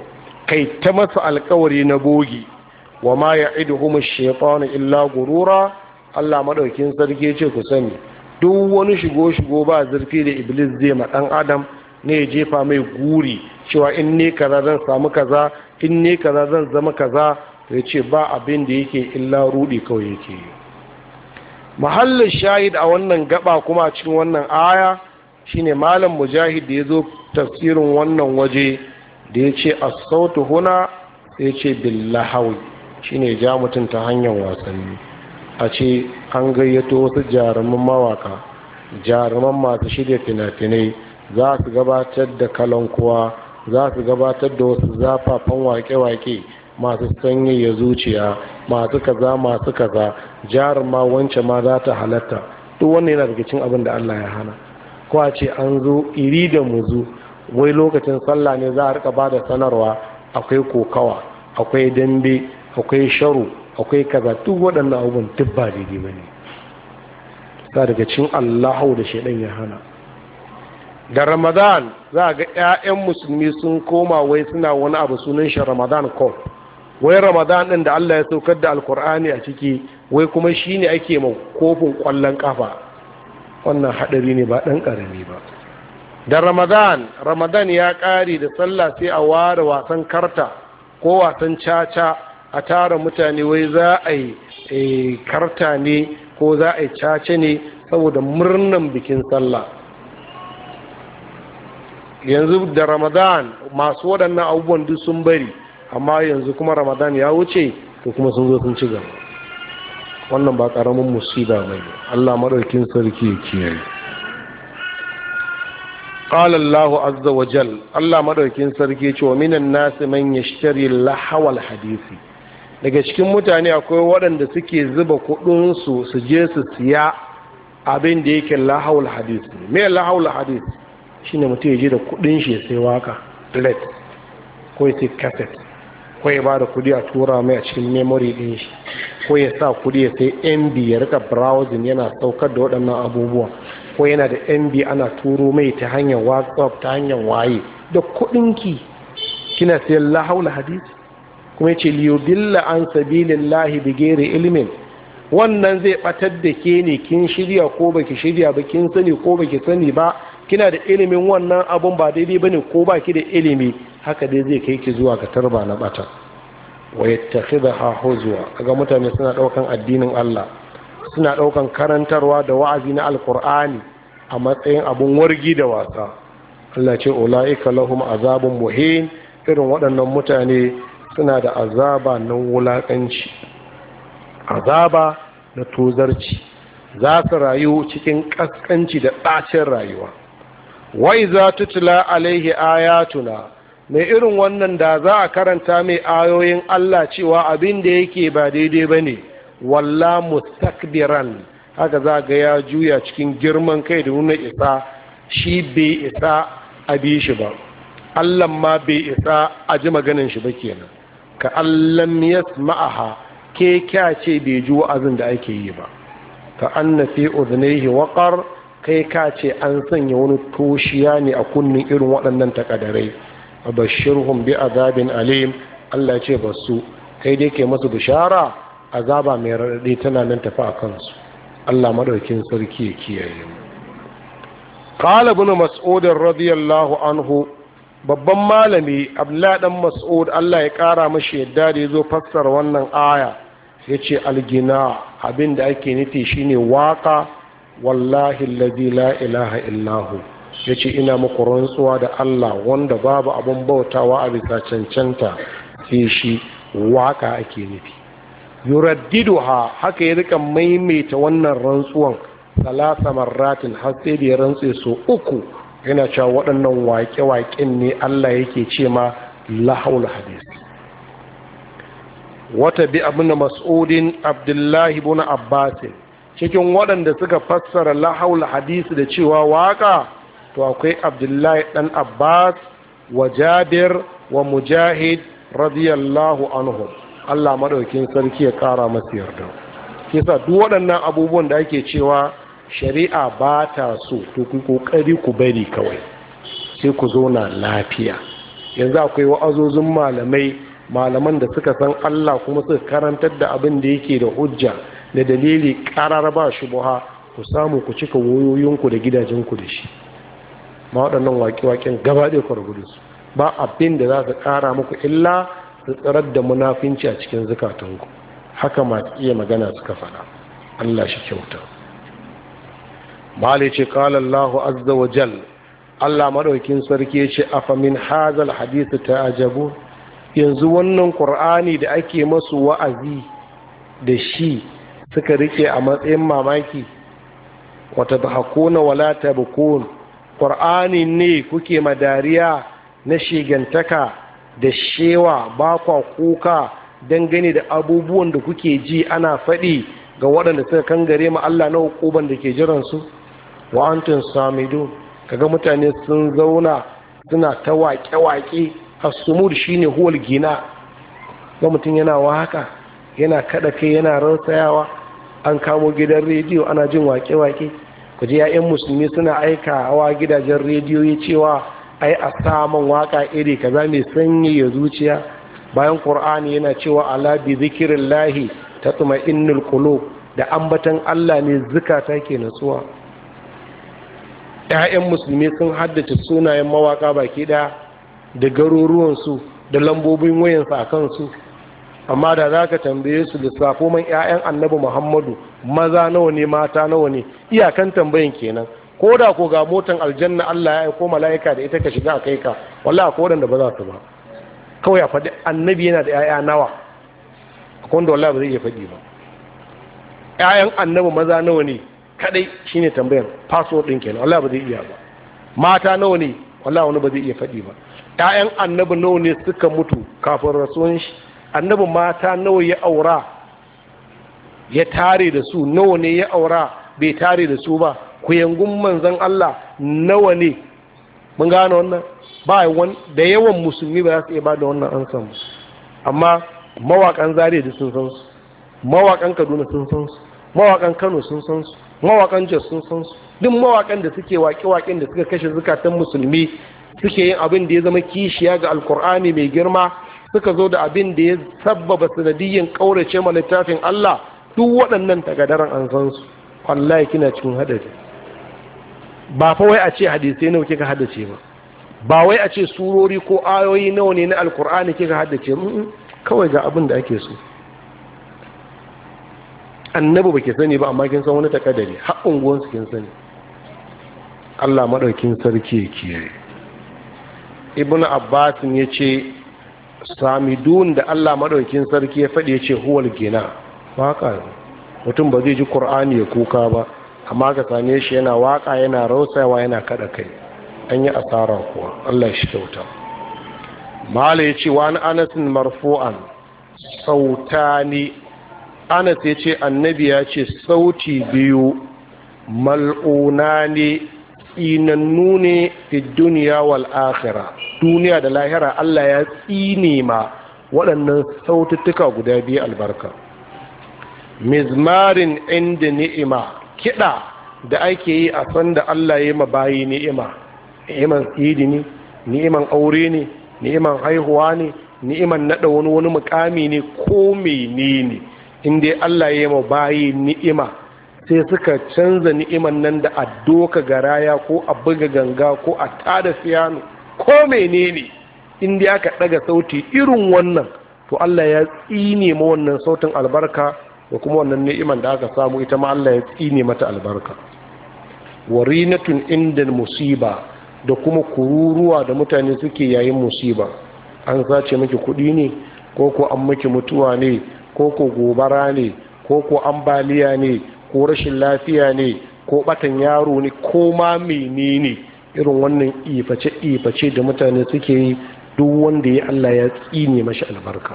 kai ta masa alkawari na bogi wa ma idu ash-shaytanu illa gurura Allah maɗaukin sarki ce ku sani duk wani shigo shigo ba zurfi da iblis zai ma ɗan adam ne ya jefa mai guri cewa in ne kaza zan samu kaza in ne kaza zan zama kaza ya ce ba abin da yake illa rudi kawai yake mahallin shahid a wannan gaba kuma cikin wannan aya shine malam mujahid da ya zo tafsirin wannan waje da ya ce as-sautu huna sai ce billahawi shine ja mutum ta hanyar wasanni a ce an gayyato wasu jaruman mawaka jaruman masu shirya fina-finai za su gabatar da kalankuwa za su gabatar da wasu zafafan wake-wake masu sanyaya zuciya masu kaza masu kaza jaruma wance ma za ta halatta duk wannan yana rikicin abin da Allah ya hana ko a ce an zo iri da muzu wai lokacin sallah ne za a rika ba da sanarwa akwai kokawa akwai dambe akwai sharu akwai kaza duk waɗannan abubuwan duk ba daidai ba ne Sa daga cin allahu da shaidan ya hana da ramadan za a ga 'ya'yan musulmi sun koma wai suna wani abu sunan shi ramadan kof wai ramadan ɗin da allah ya saukar da alkur'ani a ciki wai kuma shi ne ake ma kofin ƙwallon ƙafa wannan haɗari ne ba ɗan ƙarami ba da ramadan ramadan ya ƙare da sallah sai a ware wasan karta ko wasan caca a tara mutane wai za a yi eh, karta ne ko za a yi cace ne saboda murnan bikin sallah yanzu da ramadan masu waɗannan abubuwan duk sun bari amma yanzu kuma ramadan ya wuce to kuma sun zo sun ci gaba wannan ba ƙaramin musiba ba ne allah maɗaukin sarki ya kiyaye قال الله عز وجل الله مدوكين سركي ومن الناس من يشتري lahawar hadisi. daga cikin mutane akwai waɗanda suke zuba kuɗinsu su je su siya abin da yake lahawul hadis me lahawul hadis ne mutum ya je da kuɗin shi sai waka plate ko ya sai cassette ko ya ba da kuɗi a tura mai a cikin memory ɗin shi ko ya sa kuɗi ya sai mb ya rika browsing yana saukar da waɗannan abubuwa ko yana da mb ana turo mai ta hanyar whatsapp ta hanyar waye da kuɗinki kina sayan lahawul hadis kuma ce li yudilla an sabilillahi gere ilmin wannan zai batar da ke ne kin shirya ko baki shirya ba kin sani ko baki sani ba kina da ilimin wannan abun ba daidai bane ko baki da ilimi haka dai zai kai ki zuwa ga tarba na bata wa yattakhidha huzwa kaga mutane suna daukan addinin Allah suna daukan karantarwa da wa'azi na Alkur'ani a matsayin abun wargi da wasa Allah ce ula'ika lahum azabun muhin irin waɗannan mutane suna da azaba na wulaƙanci azaba na tozarci za su rayu cikin ƙasƙanci da ɗacin rayuwa wai za tutula alaihi ayatuna mai irin wannan da za a karanta mai ayoyin Allah cewa abin da yake ba daidai ba ne walla mustakbiran haka za ga ya juya cikin girman kai da nuna isa shi bai isa a bi shi ba Allah ma bai isa a ji maganin shi ba kenan ka allam ma'aha, ke kya ce bai ji wa'azin da ake yi ba ka anna fi udhnayhi waqar kai ka ce an sanya wani toshiya ne a kunnin irin waɗannan takadarai abashirhum bi azabin alim Allah ce ba su kai dai ke masu bishara azaba mai raɗaɗi tana nan tafi a kansu Allah maɗaukin sarki ya kiyaye mu qala ibn mas'ud radiyallahu anhu babban malami abdullahi dan mas'ud Allah ya kara mashi yadda da zo fassara wannan aya yace algina abin da ake nufi shine waka wallahi allazi la ilaha illahu yace ina muku rantsuwa da Allah wanda babu abin bautawa a bisa cancanta sai shi waka ake nufi yuraddiduha haka ya rika maimaita wannan rantsuwan salasa marratin har sai da ya rantse so uku yana cewa waɗannan waƙe-waƙen ne Allah yake ce ma lahaul hadis wata bi abin mas'udin abdullahi buna abbas cikin waɗanda suka fassara lahaul hadis da cewa waƙa to akwai abdullahi dan abbas wa jabir wa mujahid radiyallahu anhu Allah maɗaukin sarki ya ƙara masa yarda kisa duk waɗannan abubuwan da ake cewa shari'a ba ta so to ku kokari ku bari kawai sai ku zauna lafiya yanzu akwai wa'azozin malamai malaman da suka san Allah kuma suka karantar da abin da yake da hujja da dalili karar ba shi buha ku samu ku cika wayoyinku da gidajenku da shi ma waɗannan waƙe-waƙen gaba ɗaya ku da su ba abin da za su ƙara muku illa su tsarar da munafinci a cikin zukatanku haka masu iya magana suka faɗa Allah shi kyauta mali ce qala Allahu azza wa jal Allah madaukin sarki ya ce afa min hazal hadith ta'ajabu yanzu wannan qur'ani da ake masu wa'azi da shi suka rike a matsayin mamaki wata na wala tabkun qur'ani ne kuke madariya na shigantaka da shewa ba kwa kuka dangane da abubuwan da kuke ji ana faɗi ga waɗanda suka kangare mu Allah na hukuban da ke jiransu wa antum samidun kaga mutane sun zauna suna ta waƙe-waƙe asumur shine huwal gina ga mutum yana waka yana kada kai yana rantsayawa an kamo gidan rediyo ana jin waƙe-waƙe ku ji ya'yan musulmi suna aikawa gidajen rediyo ya cewa ai a sa man waka iri kaza mai sanyi ya zuciya bayan qur'ani yana cewa ala bi zikrillahi tatma'innul qulub da ambatan Allah ne zukata ke natsuwa 'ya'yan musulmi sun haddace sunayen mawaka baki ɗaya da garuruwansu da lambobin wayansu a kansu amma da za ka tambaye su lissafo man 'ya'yan annabi muhammadu maza nawa ne mata nawa ne iyakan tambayin kenan ko da ko ga motan aljanna allah ya ko mala'ika da ita ka shiga a kai ka ko waɗanda ba za su ba kawai a faɗi annabi yana da 'ya'ya nawa akwai wanda ba zai iya faɗi ba 'ya'yan annabi maza nawa ne kadai shine tambayar password din kenan wallahi ba zai iya ba mata nawa ne wallahi wani ba zai iya faɗi ba ƴaƴan annabi nawa ne suka mutu kafin rasuwan shi annabi mata nawa ya aura ya tare da su nawa ne ya aura bai tare da su ba ku yangun manzon Allah nawa ne mun gane wannan ba da yawan musulmi ba za su iya ba da wannan an samu amma mawakan Zariya da sun san su mawakan kaduna sun san su mawakan kano sun san su mawakan jos sun san su duk mawakan da suke waƙe-waƙen da suka kashe zukatan musulmi suke yin abin da ya zama kishiya ga alkur'ani mai girma suka zo da abin da ya sabbaba sanadiyyan ƙaurace ma littafin Allah duk waɗannan tagadaran an san su wallahi kina cikin hadari ba fa wai a ce hadisai nawa kika haddace ba ba wai a ce surori ko ayoyi nawa ne na alkur'ani kika haddace kawai ga abin da ake so ba ke sani ba amma kin san wani takadari har unguwan su kin sani Allah madaukin sarki ya kiyaye Ibn abbas ya ce sami samidun da Allah maɗaukin sarki ya faɗi ya ce huwal gina waka mutum ba zai ji qur'ani ya kuka ba amma ka same shi yana waka yana rausawa yana kaɗa kai an yi asara kuwa Allah ya shi kyauta mala ya ce wani anasin marfu'an sautani anas ya ce annabi ya ce sauti biyu mal'una ne tsinannu ne fi duniya wal akhira duniya da lahira Allah ya tsine ma waɗannan saututtuka guda biyu albarka mizmarin inda ni'ima kiɗa da ake yi a sanda Allah ya ma bayi ni'ima ni'iman tsidi ne ni'iman aure ne ni'iman haihuwa ne ni'iman naɗa wani wani mukami ne ko menene ne in dai Allah ya ma bayi ni'ima sai suka canza ni'iman nan da a doka garaya ko a buga ganga ko a tada fiyano ko menene in dai aka daga sauti irin wannan to Allah ya tsine ma wannan sautin albarka da kuma wannan ni'iman da aka samu ita ma Allah ya tsine mata albarka warinatun inda musiba da kuma kururuwa da mutane suke yayin musiba an sace maki kuɗi ne ko ko an maki mutuwa ne ko ko gobara ne ko ko ambaliya ne ko rashin lafiya ne ko batan yaro ne ko ma menene irin wannan iface iface da mutane suke yi duk wanda ya Allah ya tsine mashi albarka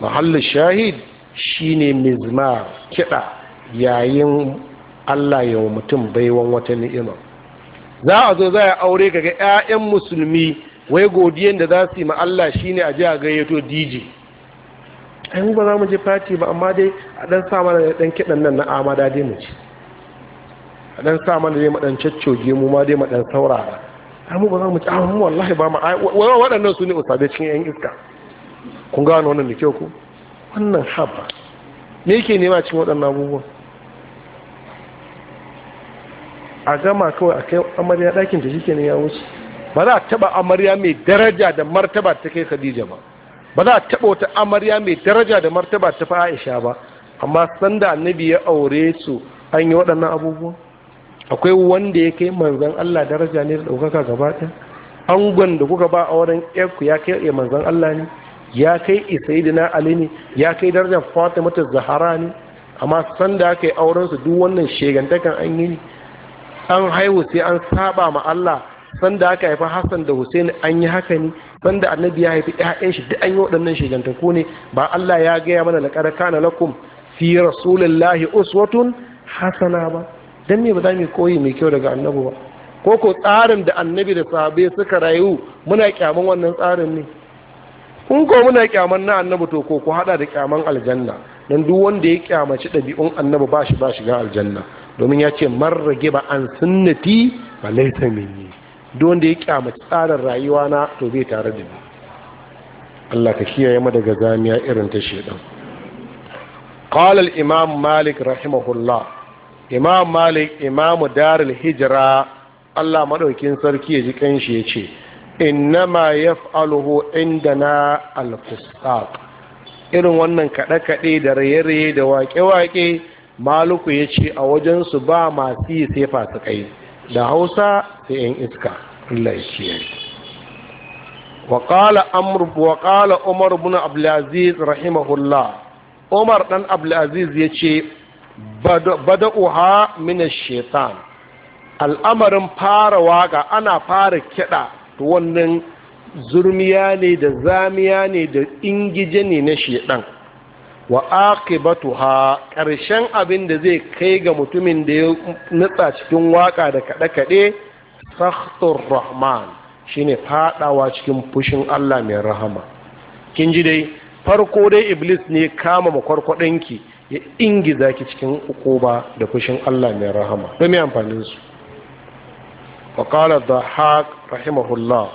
mahallin shahid shine mizma kiɗa yayin Allah ya mutum baiwan wata ni'ima za a zo za a aure ga ga 'ya'yan musulmi wai godiyan da za su yi ma Allah shine a ji a gayyato DJ ai ba za mu je fati ba amma dai a dan sa mana ɗan kiɗan nan na amada dai mu ci a dan sa mana dai maɗan dan caccoge mu ma dai maɗan dan saurara ai mu ba za mu ci amma ah, wallahi ba ma waɗannan su ne usabe cikin yan iska kun gano wannan da kyau ku wannan haba me yake nema cikin waɗannan abubuwan a gama kawai a kai amarya ɗakin da shi ne ya wuce ba za a taɓa amarya mai daraja da martaba ta kai khadija ba ba za a taɓa wata amarya mai daraja da martaba ta fi aisha ba amma sanda annabi ya aure su an yi waɗannan abubuwa akwai wanda ya kai manzan Allah daraja ne da ɗaukaka gaba ɗaya angon da kuka ba a wurin ku ya kai eh, manzan Allah ne ya kai eh, na ali ne ya kai darajar fata mata zahara ne amma sanda aka yi auren su duk wannan shegantakan an yi ne an haihu sai an saba ma Allah sanda aka haifi hassan da hussein an yi haka ne sanda annabi ya haifi ƴaƴan shi duk an yi waɗannan shigantaku ne ba allah ya gaya mana laƙar kana lakum fi rasulillahi uswatun hasana ba Don me ba za mu koyi mai kyau daga annabi ba ko ko tsarin da annabi da sahabbai suka rayu muna kyaman wannan tsarin ne kun ko muna kyaman na annabi to ko ku hada da kyaman aljanna dan duk wanda ya kyamaci ɗabi'un annabi ba shi ba shiga aljanna domin ya ce marrage ba an sunnati ba laita minni duk wanda ya kyamaci tsarin rayuwa na to zai tare da ni Allah ka kiyaye mu daga zamiya irin ta shedan qala al imam malik rahimahullah imam malik imam darul hijra Allah madaukin sarki ya ji kanshi ya ce innama yaf'aluhu indana al fusaq irin wannan kaɗe-kaɗe da raye-raye da waƙe-waƙe maluku ya ce a su ba masu yi sai kai. da hausa da yan iska Allah ya kiyaye wa qala amr wa qala umar bin abdul aziz rahimahullah umar dan abdul aziz yace bada'uha min ash-shaytan al'amarin fara waka ana fara kiɗa wannan zurmiya ne da zamiya ne da ingije ne na shedan wa aqibatuha ƙarshen abin da zai kai ga mutumin da ya nutsa cikin waka da kaɗe-kaɗe sakhtur rahman shine fadawa cikin fushin Allah mai rahama kin ji dai farko dai iblis ne kama makwarkwadanki ya ingiza ki cikin ukuba da fushin Allah mai rahama don me amfanin su wa qala dhahak rahimahullah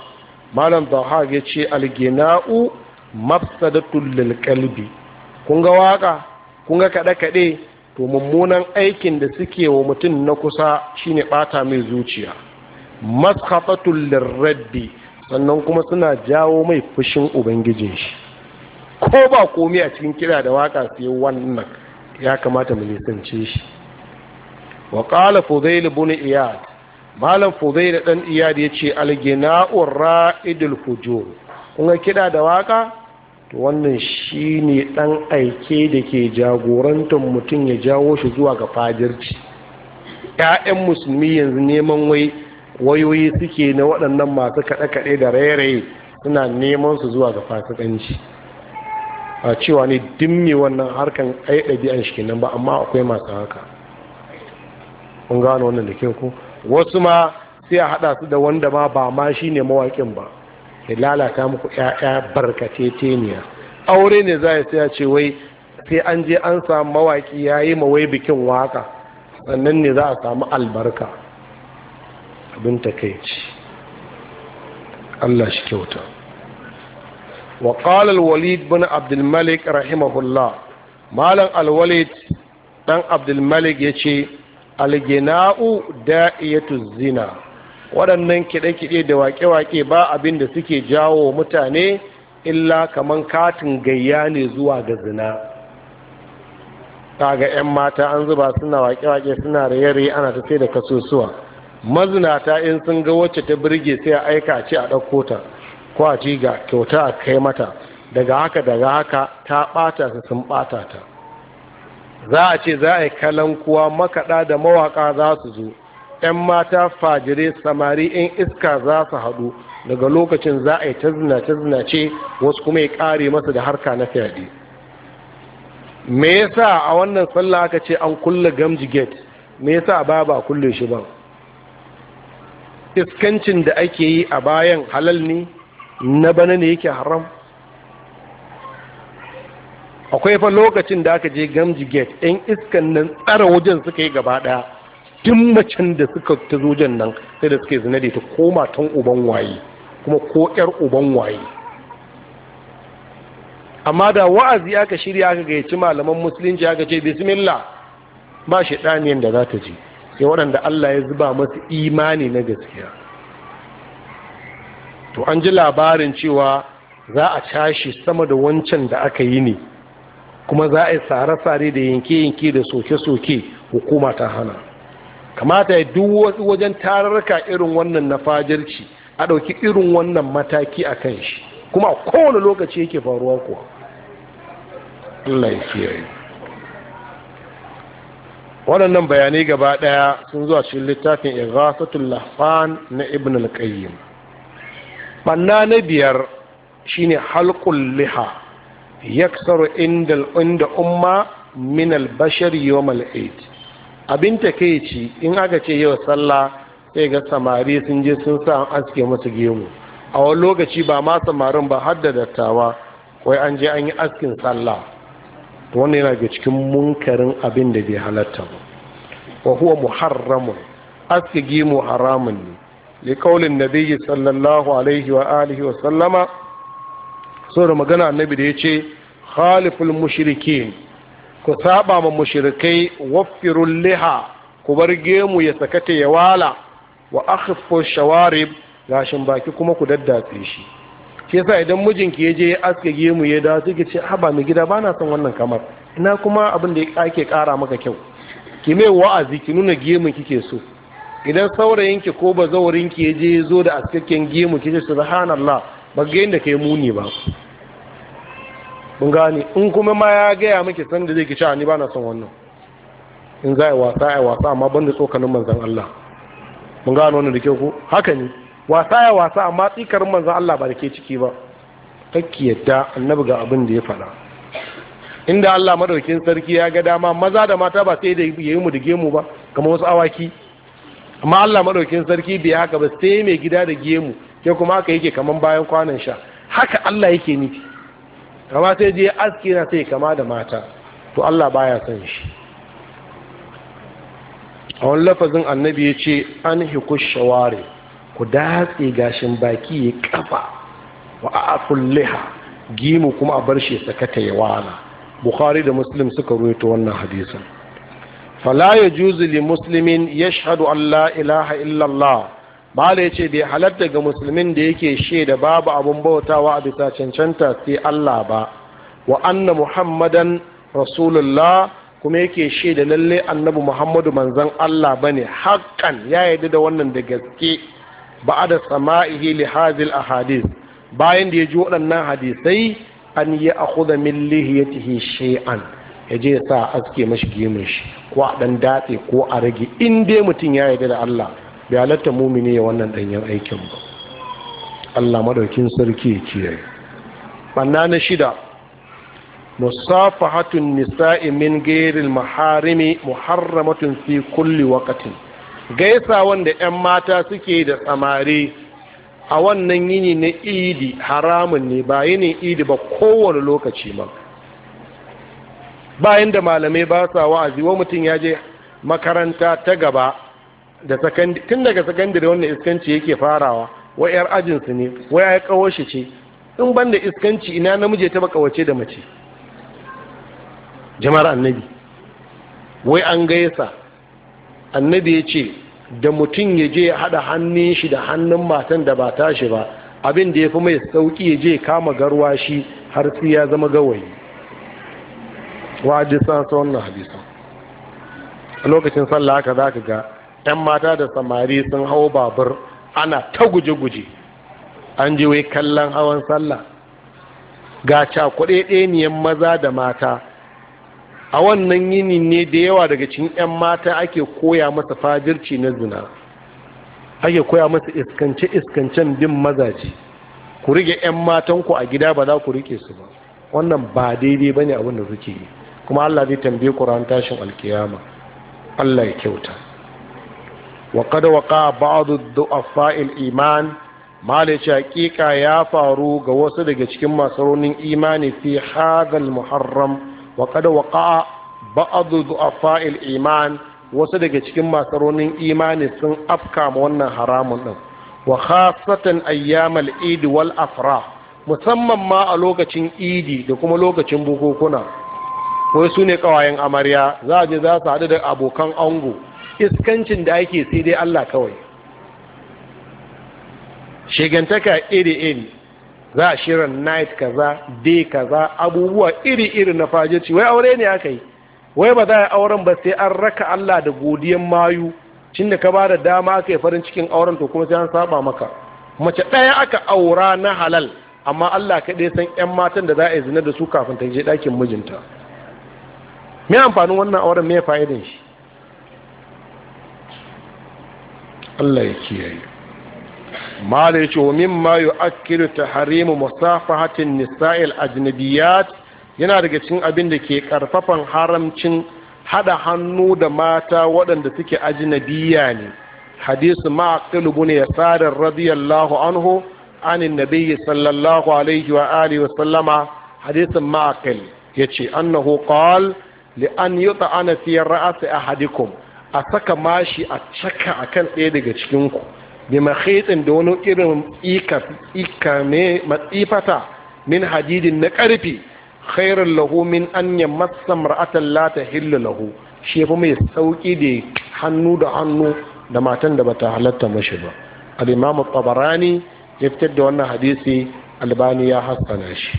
malam dhahak yace al-gina'u mafsadatul lil qalbi kun ga waka kun ga kaɗe-kaɗe to mummunan aikin da suke wa mutum na kusa shine ɓata mai zuciya maskatatul lirraddi sannan kuma suna jawo mai fushin ubangijin shi ko ba komai a cikin kira da waka sai wannan ya kamata mu nisance shi wa qala fudayl ibn iyad malam fudayl dan iyad yace al-gina'ur ra'idul fujur kun ga kida da waka wannan shi ne ɗan aike da ke jagorantar mutum ya jawo shi zuwa ga fajirci 'ya'yan musulmi yanzu neman wai wayoyi suke na waɗannan masu kaɗe-kaɗe da rairaye suna neman su zuwa ga fasikanci a cewa ne dimme wannan harkan ai ɗabi'an shi kenan ba amma akwai masu haka kun gano wannan da kyau ko wasu ma sai a haɗa su da wanda ma ba ma shi ne mawaƙin ba ya lalata muku ƴaƴa barkateteniya aure ne za ya tsaya ce wai sai an je an samu mawaki ya yi mawai bikin waka sannan ne za a samu albarka abin ta ci Allah shi kyauta wa qala walid bin Abdulmalik malik rahimahullah malam al-walid dan abdul malik yace al-gina'u da'iyatu zina waɗannan kiɗe-kiɗe da waƙe-waƙe ba abin da suke jawo mutane illa kaman katin gayya ne zuwa ga zina ga 'yan mata an zuba suna waƙe-waƙe suna raye-raye ana ta sai da kasusuwa mazinata in sun ga wacce ta birge sai a aika ce a ɗauko ta ko ga kyauta a kai mata daga haka daga haka ta ɓata su sun ɓata ta za a ce za a yi kalankuwa makaɗa da mawaƙa za su zo 'yan mata fajire samari 'yan iska za su haɗu daga lokacin za a yi ta zinace zinace wasu kuma ya ƙare masa da harka na fyaɗe me yasa a wannan sallah aka ce an kulle gamji gate me yasa ba ba kulle shi ba iskancin da ake yi a bayan halal ne na bana ne yake haram akwai fa lokacin da aka je gamji gate 'yan iskan nan tsara wajen suka yi gaba ɗaya duk macen da suka ta zo jan nan sai da suke zina ta ko matan uban waye kuma ko yar uban waye amma da wa'azi aka shirya aka gayyaci malaman musulunci aka ce bismillah ba shi ɗaniyan da za ta ji sai waɗanda Allah ya zuba masu imani na gaskiya to an ji labarin cewa za a tashi sama da wancan da aka yi ne kuma za a yi tsare-tsare da yanke-yanke da soke-soke hukuma ta hana kamata ya duk wasu wajen tararraka irin wannan na fajirci a ɗauki irin wannan mataki a kan shi kuma kowane lokaci yake faruwa kuwa Allah ya kiyaye waɗannan bayanai gaba ɗaya sun zuwa cikin littafin ighasatul lahfan na ibn al-qayyim banna na biyar shine halqul liha yaksaru inda umma min al-bashar yawm abin takeici in aka ce yau sallah sai ga samari sun je sun sa an aske musu gemu a wani lokaci ba ma samarin ba har da dattawa wai an je an yi askin sallah wannan yana ga cikin munkarin abin da bai halatta ba wa huwa muharramun aske gemu haramun ne li kaulin nabiyyi sallallahu alaihi wa alihi wa sallama Sau da magana annabi da ce khaliful mushrikin ku saba ma mushrikai waffirul liha ku bar gemu ya sakata ya wala wa akhfu shawarib gashin baki kuma ku daddafe shi ke sa idan mijinki ya je ya aske gemu ya da suke ce haba mai gida bana son wannan kamar ina kuma abin da ake kara maka kyau ki mai wa'azi ki nuna gemu kike so idan saurayinki ko bazawarinki ya je zo da askakken gemu kike subhanallah ba ga inda kai muni ba mun gane in kuma ma ya gaya miki san da zai ki ni ba na son wannan in za a yi wasa a yi wasa amma ban da tsokanin manzan Allah mun gano wannan da kyau ko haka ne wasa yi wasa amma tsikar manzan Allah ba da ke ciki ba kakki yadda annabi ga abin da ya faɗa inda Allah madaukin sarki ya ga dama maza da mata ba sai da ya yi mu da gemu ba kamar wasu awaki amma Allah madaukin sarki bai haka ba sai mai gida da gemu ke kuma haka yake kaman bayan kwanan sha haka Allah yake nufi kama sai je aski na sai kama da mata to Allah baya san shi a wani lafazin annabi ya ce an hiku shaware ku datse gashin baki ya kafa wa a kulliha gimu kuma a bar shi sakata ya wala bukhari da muslim suka ruwaito wannan hadisin fala yajuzu li muslimin yashhadu an ilaha illallah bala ya ce bai halatta ga musulmin da yake shaida babu abin bautawa a bisa cancanta sai Allah ba wa anna muhammadan rasulullah kuma yake shaida lalle annabi muhammadu manzan Allah ba ne. haƙƙan ya yarda da wannan da gaske ba a da sama'ihi li a hadis. bayan da ya ji waɗannan hadisai an yi a akhudha min lihiyatihi shay'an ya je ya sa aske mashi gemun shi ko a ɗan datse ko a rage in dai mutum ya yarda da Allah bi halatta mumini ya wannan danyen aikin ba Allah madaukin sarki ya kiyaye banna na shida musafahatun nisa'i min ghairil maharimi muharramatun fi kulli waqtin gaisa wanda ƴan mata suke da samari a wannan yini na idi haramun ne ba yinin idi ba kowane lokaci ba. bayan da malamai ba sa wa'azi wa mutum ya je makaranta ta gaba da sakandare tun daga sakandare wannan iskanci yake farawa wai yar ajinsu ne wai ya kawo ce in ban da iskanci ina namiji ta bakawace da mace jama'ar annabi wai an gaisa annabi ya ce da mutum ya je ya haɗa hannun shi da hannun matan da ba tashi ba abin da ya fi mai sauƙi ya je kama garwa shi har sai ya zama gawayi wa hadisan sa wannan hadisa a lokacin sallah haka za ka ga 'yan mata da samari sun hau babur ana ta guje-guje an ji wai kallon hawan sallah ga cakuɗe maza da mata a wannan yini ne da yawa daga cikin 'yan mata ake koya masa fajirci na zina ake koya masa iskance-iskancen bin mazaje ku rige 'yan matanku a gida ba za ku rike su ba wannan ba daidai ba ne abin da suke yi kuma allah zai tambaye ku ran tashin alkiyama allah ya kyauta وقد وقع waka الضعفاء الايمان iman mala يا hakika ya faru ga wasu daga cikin masu raunin imani fi hadal muharram wa kada waka ba'adu du'affa'il iman wasu daga cikin masu imani sun afka ma wannan haramun din wa khasatan ayyamal idi wal afra musamman ma a lokacin idi da kuma lokacin bukukuna wai su ne kawayen amarya za a je za su haɗu da abokan ango iskancin da ake sai dai Allah kawai shigantaka iri-iri za a shirin night kaza day kaza abubuwa iri-iri na fajirci wai aure ne aka yi wai ba za a auren ba sai an raka Allah da godiyan mayu cin da ka ba da dama aka yi farin cikin auren to kuma sai an saba maka mace ɗaya aka aura na halal amma Allah kaɗai san 'yan matan da za a yi zina da su kafin ta je ɗakin mijinta me amfanin wannan auren me fa'idan shi Allah ya kiyaye ya yace wa mimma yu'akkidu tahrimu musafahatin nisa'il ajnabiyat yana daga cikin abin da ke karfafan haramcin hada hannu da mata waɗanda suke ajnabiya ne hadisu ma'aqil ya yasar radiyallahu anhu an annabi sallallahu alaihi wa alihi wa sallama hadisin ma'aqil yace annahu qala li an yut'ana fi ra'si ahadikum a saka mashi a caka kan ɗaya daga cikinku bi mahitsin da wani irin ika ne matsifata min hadidin na ƙarfi khairun lahu min an yamassa mar'atan la hillu lahu shi fi mai sauki da hannu da hannu da matan da bata halatta mashi ba al'imamu imamu tabarani ya fitar da wannan hadisi albani ya hassana shi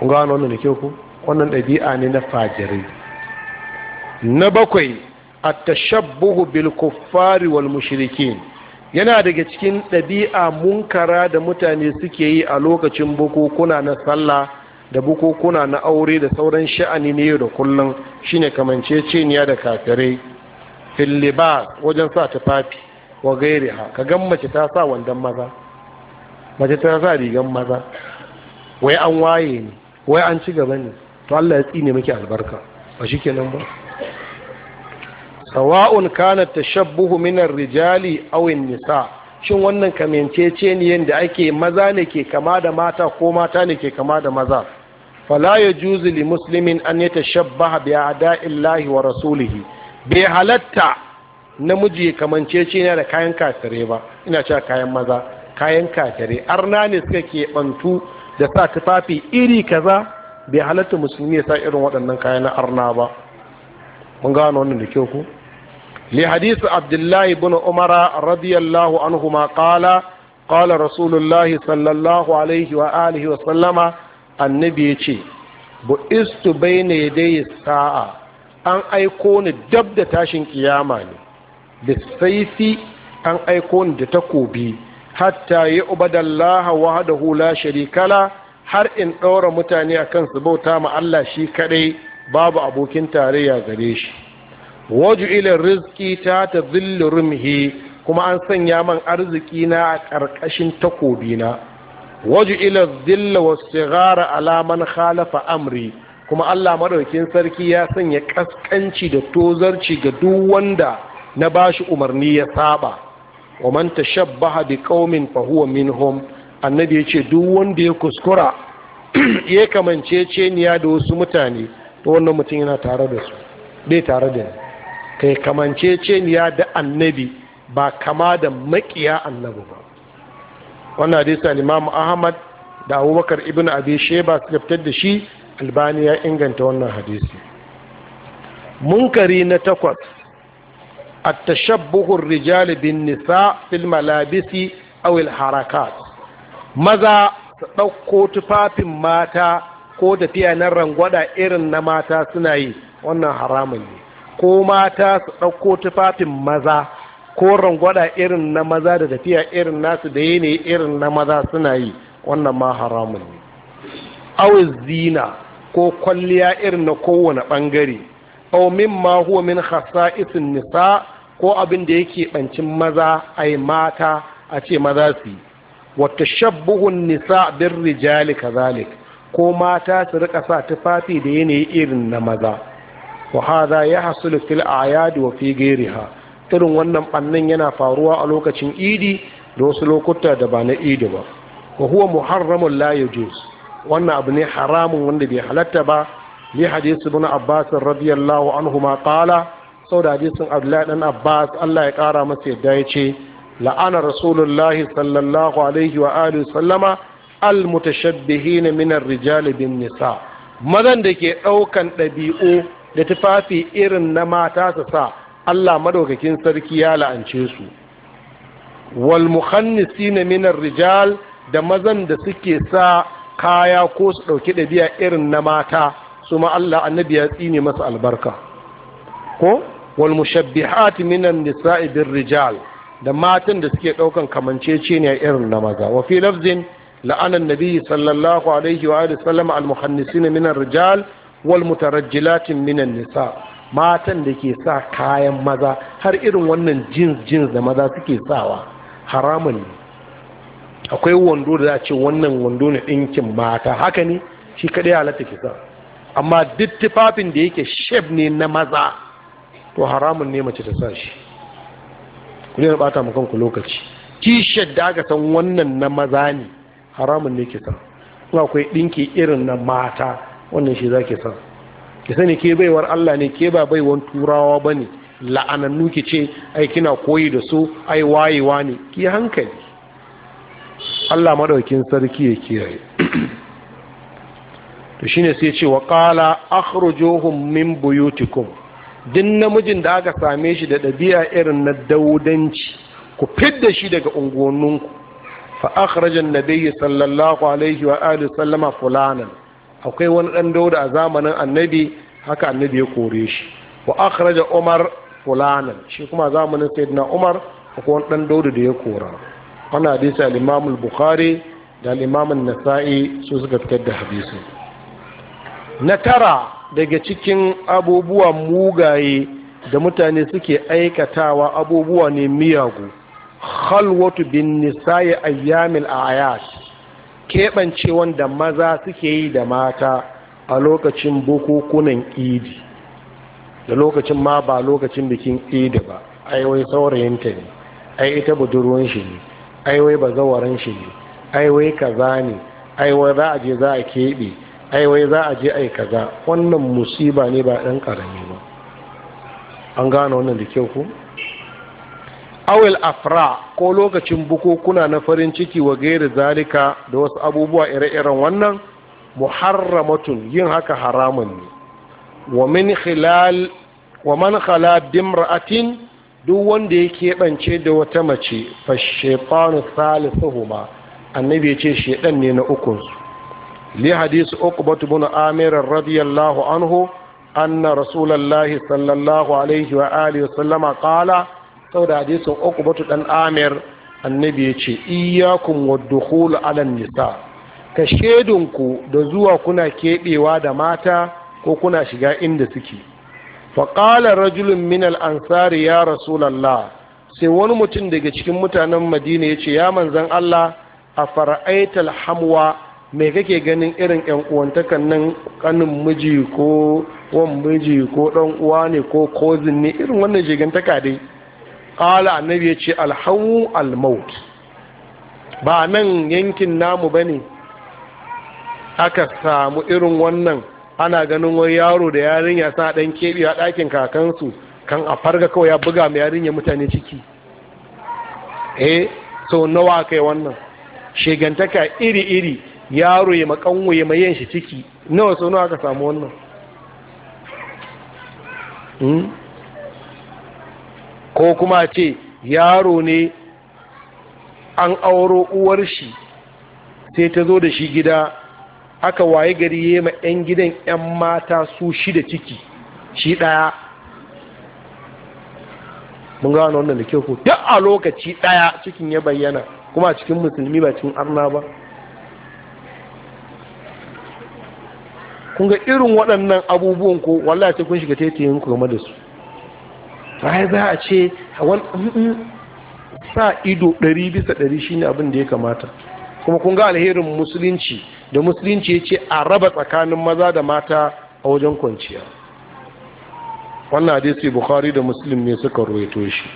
kun gano wannan da kyau ku wannan ɗabi'a ne na fajirai na bakwai a tashabbuhu bil kuffari wal mushrikin yana daga cikin ɗabi'a munkara da mutane suke yi a lokacin bukukuna na sallah da bukukuna na aure da sauran sha'ani ne da kullum shine kamanceceniya da kafirai filiba wajen sa tufafi wa gairiha ka gan mace ta sa wandon maza mace ta sa rigan maza wai an waye ne wai an ci gaba ne to Allah ya tsine miki albarka ba shikenan ba sawa'un kana tashabbuhu min rijali aw nisa shin wannan kamencece ne yanda ake maza ne ke kama da mata ko mata ne ke kama da maza fala yajuzu li muslimin an yatashabbaha bi a'da'illahi wa rasulihi bai halatta namiji kamancece ne da kayan kafire ba ina cewa kayan maza kayan kafire arna ne suka ke bantu da sa tufafi iri kaza bai halatta musulmi ya sa irin waɗannan kayan arna ba mun gano wannan da kyau ko li hadisi abdullahi bin umara radiyallahu anhu ma qala qala rasulullahi sallallahu alaihi wa alihi wa sallama annabi yace bu istu dai yadayi sa'a an aiko ni dab da tashin ƙiyama ne da saifi an aiko ni da takobi hatta yi ubadallaha hula shiri kala, har in ɗaura mutane akan su bauta ma Allah shi kaɗai, babu abokin tarayya gare shi waju ilar rizki ta ta rumhi kuma an sanya man arziki na a ƙarƙashin takobina waju ilar zilla wasu gara alaman khalafa amri kuma allah maɗaukin sarki ya sanya ƙasƙanci da tozarci ga duk wanda na bashi umarni ya saba wa man shabbaha bi qaumin fa huwa minhum annabi yace duk wanda ya kuskura ya kamanceceniya da wasu mutane to wannan mutum yana tare da su bai tare da ni kai kamanceceniya da annabi ba kama da makiya annabi ba wannan hadisi limamu ahmad da abubakar ibn abi ba su fitar da shi albani ya inganta wannan hadisi munkari na takwas a tashabbuhun rijali bin nisa fil malabisi al-harakat maza su ɗauko tufafin mata ko tafiya na rangwada irin na mata suna yi wannan haramun ne ko mata su ɗauko tufafin maza ko rangwada irin na maza da tafiya irin nasu da yanayi irin na maza suna yi wannan ma haramun ne awis zina ko kwalliya irin na kowane ɓangare au min ma huwa min isin nisa ko abin da yake ɓancin maza ai mata a ce maza su yi wata shabbuhun nisa bin rijali kazalik ko mata su rika sa tufafi da yanayi irin na maza wa ya yahsulu fil a'yad wa fi irin wannan bannin yana faruwa a lokacin idi da wasu lokuta da ba na idi ba wa huwa muharramun la yajuz wannan abu ne haramun wanda bai halatta ba li hadisi ibn abbas radiyallahu anhu ma qala sau da hadisin abdullahi dan abbas Allah ya kara masa yadda ya ce la'ana rasulullahi sallallahu alaihi wa alihi sallama al mutashabbihin min ar-rijal bin nisa mazan da ke daukan dabi'u da tufafi irin na mata su sa Allah madaukakin sarki ya la'ance su wal mukhannisina min rijal da mazan da suke sa kaya ko su ɗauki ɗabi'a irin na mata su ma Allah annabi ya tsine masa albarka ko wal mushabbihat min nisa'i bir rijal da matan da suke ɗaukan kamancece ne irin na maza wa fi lafzin la'ana annabi sallallahu alaihi wa alihi al rijal wal mutarajjilatin minan nisa matan da ke sa kayan maza har irin wannan jeans jeans da maza suke sawa haramun ne akwai wando da za ce wannan wando na ɗinkin mata haka ne shi kaɗai halatta ke sa amma duk tufafin da yake shef ne na maza to haramun ne mace ta sa shi ku na bata mu kanku lokaci t-shirt da aka san wannan na maza ne haramun ne ke sa akwai ɗinki irin na mata wannan shi zaki san ki sani ke baiwar Allah ne ke ba baiwan turawa ba ne la'anannu ki ce ai kina koyi da su ai wayewa ne ki hankali Allah maɗaukin sarki ya kiyaye to shine sai ce wa qala akhrujuhum min buyutikum din namijin da aka same shi da ɗabi'a irin na daudanci ku fidda shi daga unguwanninku fa akhrajan nabiyyi sallallahu alaihi wa alihi sallama fulanan akwai wani ɗan dauda a zamanin annabi haka annabi ya kore shi wa akhraja umar fulanan shi kuma zamanin sayyidina umar akwai wani ɗan dauda da ya kora wannan hadisi al-imam al-bukhari da al-imam an-nasa'i su suka fitar da hadisi na tara daga cikin abubuwa mugaye da mutane suke aikatawa abubuwa ne miyagu khalwatu bin nisa'i ayyamil ayash keɓance wanda maza suke yi da mata a lokacin bukukunan idi da lokacin ma ba lokacin bikin idi ba aiwai saurayinta ne ai ita budurwan shi ne aiwai bazawaran shi ne aiwai kaza ne aiwai za a je za a keɓe aiwai za a je ai kaza wannan musiba ne ba ɗan ƙarami ba an gane wannan da kyau ku awil afra ko lokacin bukukuna na farin ciki wa gairi zalika da wasu abubuwa ire-iren wannan muharramatun yin haka haramun ne wa min khilal wa man khala dimra'atin duk wanda ya keɓance da wata mace fa shaytanu salisuhuma annabi ya ce shedan ne na ukun su li hadisi uqbatu bin amir radiyallahu anhu anna rasulullahi sallallahu alaihi wa alihi wa sallama qala saboda hadisin batu dan amir annabi yace wadda wadkhul alan nisa ka shedunku da zuwa kuna keɓewa da mata ko kuna shiga inda suke Faƙalar rajulun min ansari ya rasulallah sai wani mutum daga cikin mutanen madina ce ya manzan Allah a fara'aital hamwa mai kake ganin irin yan uwantakan nan kanin miji ko wan miji ko dan ne ko kozin ne irin wannan shigantaka dai ƙala annabi ya ce alhawu almaut ba nan yankin namu ba ne aka samu irin wannan ana ganin wani yaro da yarinya sa ɗan keɓe a ɗakin kakansu kan a farga kawai ya buga mai yarinya mutane ciki eh so nawa kai wannan shegantaka iri-iri yaro ya makanwo ya mayan shi ciki nawa so nawa aka samu wannan hmm? ko kuma ce yaro ne an auro uwar shi sai ta zo da shi gida aka waye gari ya ma 'yan gidan 'yan mata su shida ciki shi ɗaya mun gano wannan da kyau ko duk a lokaci ɗaya cikin ya bayyana kuma cikin musulmi ba cikin arna ba kun ga irin waɗannan abubuwan ko wallahi kun shiga taitayin ku game da su sai za a ce sa ido ɗari bisa ɗari shine abin da ya kamata kuma kun ga alherin musulunci da musulunci ya ce a raba tsakanin maza da mata a wajen kwanciya wannan hadisi bukhari da muslim ne suka ruwaito shi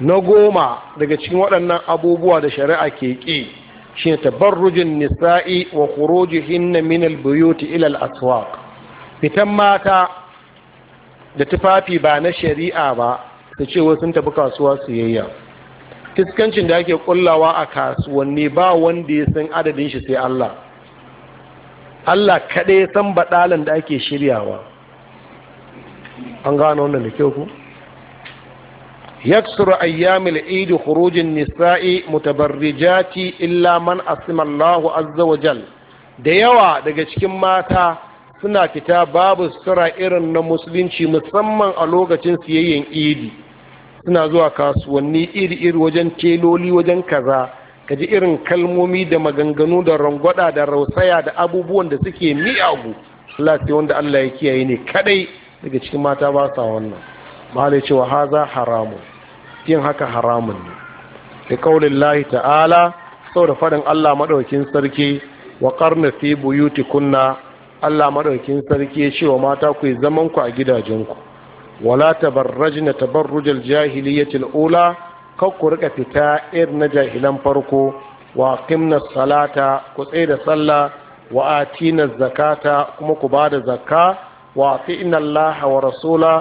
na goma daga cikin waɗannan abubuwa da shari'a ke ƙi shi ne tabarrujin nisa'i wa khurujihinna minal al-buyut ilal al fitan mata da tufafi ba na shari'a ba ta ce wasu sun tafi kasuwa siyayya fiskancin da ake kullawa a kasuwanni ba wanda ya san adadin shi sai Allah Allah kaɗai san baɗalan da ake shiryawa an gano wannan da kyau ku yaksuru ayyamil eid khurujin nisa'i mutabarrijati illa man asima Allahu azza wa da yawa daga cikin mata suna fita babu sura irin na musulunci musamman a lokacin siyayyen idi suna zuwa kasuwanni iri-iri wajen teloli wajen kaza ka ji irin kalmomi da maganganu da rangwada da rausaya da abubuwan da suke miyagu Allah sai wanda Allah ya kiyaye ne kadai daga cikin mata ba sa wannan malai cewa haza haramun yin haka haramun ne da kaulin lahi ta'ala saboda faɗin Allah maɗaukin sarki wa karna fi buyuti kunna Allah madaukin sarki ya ce wa mata ku zaman ku a gidajenku wala tabarrajna tabarrujal jahiliyatil ula kar ku rika fita ir na jahilan farko wa qimna salata ku tsaye da sallah wa atina zakata kuma ku bada zakka wa atina Allah wa rasula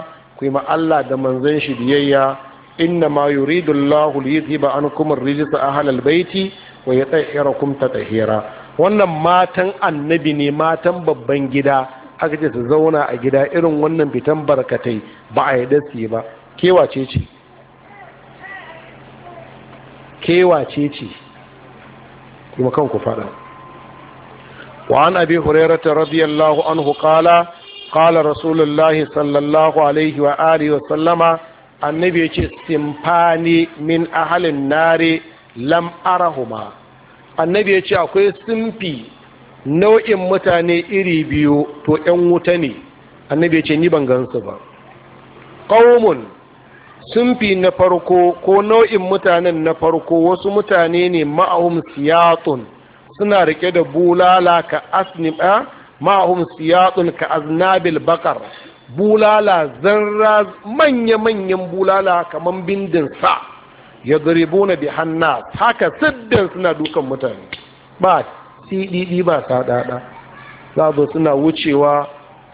ku yi Allah da manzon shi biyayya inna ma yuridu Allah liyuthiba ankum ar-rijsa ahlal baiti wa yatahhirakum tatahira wannan matan annabi ne matan babban gida aka ce su zauna a gida irin wannan fitan barkatai ba a yi datse ba kewa ce kewace ce kuma kan ku fada wa'an abi hurairah ta radiyallahu anhu qala qala rasulullahi sallallahu alaihi wa alihi wa sallama annabi ya ce simfani min ahalin nare lam arahuma annabi ya ce akwai simfi nau'in mutane iri biyu to 'yan wuta ne annabi ya ce ni ban gansu ba ƙaumun simfi na farko ko nau'in mutanen na farko wasu mutane ne ma'ahum siyatun suna rike da bulala ka asnima ma'ahum siyatun ka aznabil bakar bulala zarra manya-manyan bulala kamar bindin sa' Ya yadribuna bi hannas haka siddin suna dukan mutane ba cdd ba sadada za zo suna wucewa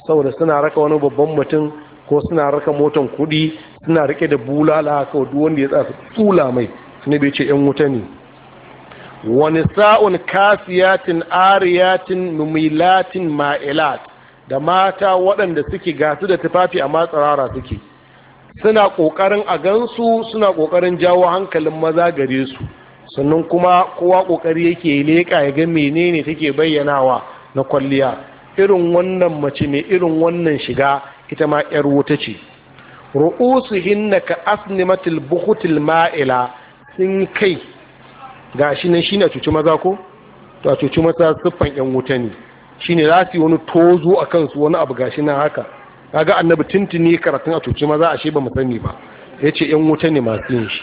saboda suna raka wani babban mutum ko suna raka motan kuɗi suna rike da bulala haka duk wanda ya tsasa tsula mai suna bai ce yan wuta ne wani sa'un kasiyatin ariyatin numilatin ma'ilat da mata waɗanda suke gasu da tufafi a matsarara suke suna ƙoƙarin a gansu suna ƙoƙarin jawo hankalin maza gare su sannan kuma kowa ƙoƙari yake leƙa ya ga menene take bayyanawa na kwalliya irin wannan mace mai irin wannan shiga ita ma 'yar wuta ce hinna ka asnimatil buhutil ma'ila sun kai ga shi nan shine a cuci maza ko to a cuci maza siffan 'yan wuta ne shine za su yi wani tozo a kansu wani abu gashi nan haka kaga annabi tintini karatun a cuci maza ashe ba mu sani ba yace yan wuta ne masu yin shi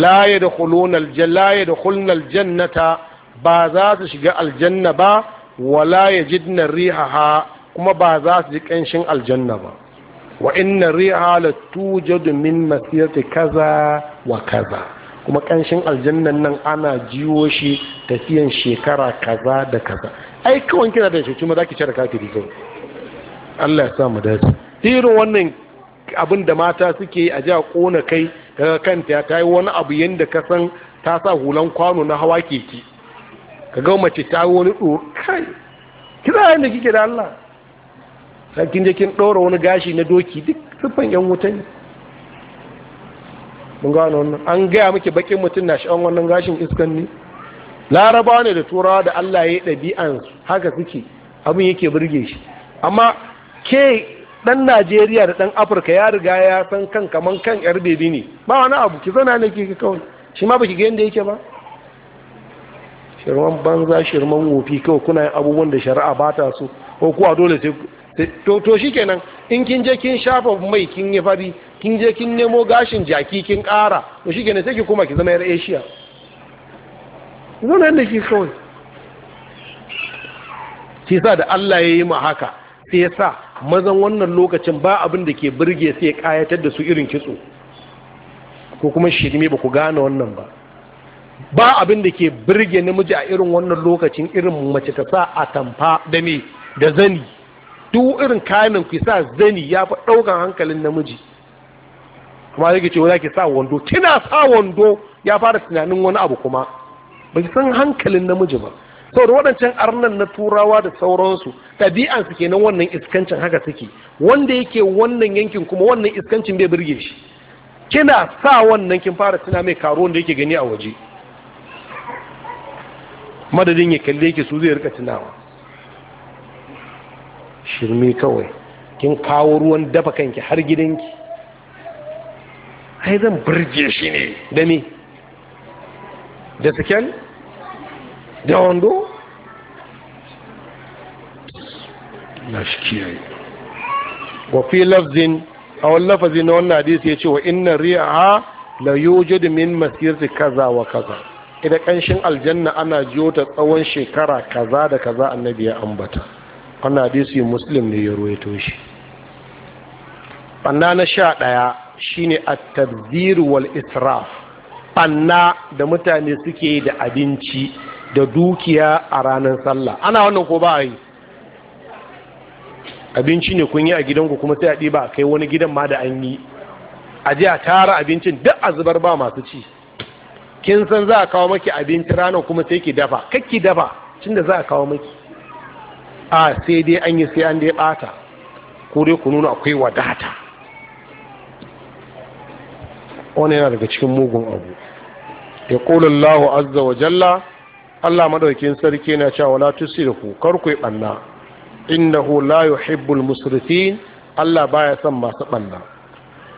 la yadkhuluna aljanna la aljannata ba za su shiga aljanna ba wala yajidna rihaha kuma ba za su ji kanshin aljanna ba wa inna riha la tujadu min masirati kaza wa kaza kuma kanshin aljannan nan ana jiwo shi tafiyan shekara kaza da kaza ai kawai kina da shi kuma zaki cire kafiri kawai Allah ya sa mu dace irin wannan abin da mata suke a ja kona kai daga kanta ta yi wani abu yadda ka san ta sa hulan kwano na hawa keke ka ga mace ta yi wani tsoro kai kira yadda kike da Allah sarkin jikin ɗora wani gashi na doki duk tufan yan wuta ne mun gano wannan an gaya miki bakin mutum na sha'an wannan gashin iskan ne laraba ne da turawa da Allah ya yi ɗabi'ansu haka suke abin yake burge shi amma ke dan najeriya da dan afirka ya riga ya san kan kaman kan yar bebi ne ba wani abu ki zana ne ki kawai shi ma baki ga yanda yake ba shirman banza shirman wofi kawai kuna yin abubuwan da shari'a ba ta so ko kuwa dole sai to to shikenan in kin je kin shafa mai kin yi fari kin je kin nemo gashin jaki kin ƙara to shikenan sai ki kuma ki zama yar asia zana da ki kawai Ki sa da Allah ya yi ma haka sai ya sa mazan wannan lokacin ba abin da ke birge sai ya kayatar da su irin kitso ko kuma shirme ba ku gane wannan ba ba abin da ke birge namiji a irin wannan lokacin irin mace ta sa a tamfa da me da zani duk irin kayan ku sa zani ya fi ɗaukan hankalin namiji kuma zai ce wani ke sa wando kina sa wando ya fara tunanin wani abu kuma ba san hankalin namiji ba saboda waɗancan arnan na turawa da sauransu ɗabi'ansu kenan wannan iskancin haka take wanda yake wannan yankin kuma wannan iskancin bai birge shi kina sa wannan kin fara tuna mai karo da yake gani a waje madadin ya kalle yake su zai rika tunawa shirme kawai kin kawo ruwan dafa kanki har gidanki ai zan birge shi ne da me da saken da wando na shi kiyaye wa lafzin a wani lafazi na wannan hadisi ya ce wa inna ri'a la yujadu min masirti kaza wa kaza idan kanshin aljanna ana jiyo ta tsawon shekara kaza da kaza annabi ya ambata wannan hadisi muslim ne ya ruwaito shi banna na sha ɗaya shine at-tabzir wal israf banna da mutane suke da abinci da dukiya a ranar sallah ana wannan ko ba a yi abinci ne kun yi a gidanku kuma sai a ɗiba a kai wani gidan ma da an yi a ji a tara abincin duk a zubar ba masu ci kin san za a kawo maki abinci ranar kuma sai ki dafa kakki dafa cin da za a kawo maki a sai dai an yi sai an dai bata ko dai ku nuna akwai wadata wani yana daga cikin mugun abu ya ƙulun lahu azza wa jalla Allah madaukin sarki yana cewa la tusrifu kar ku banna innahu la yuhibbul musrifin Allah baya son masu banna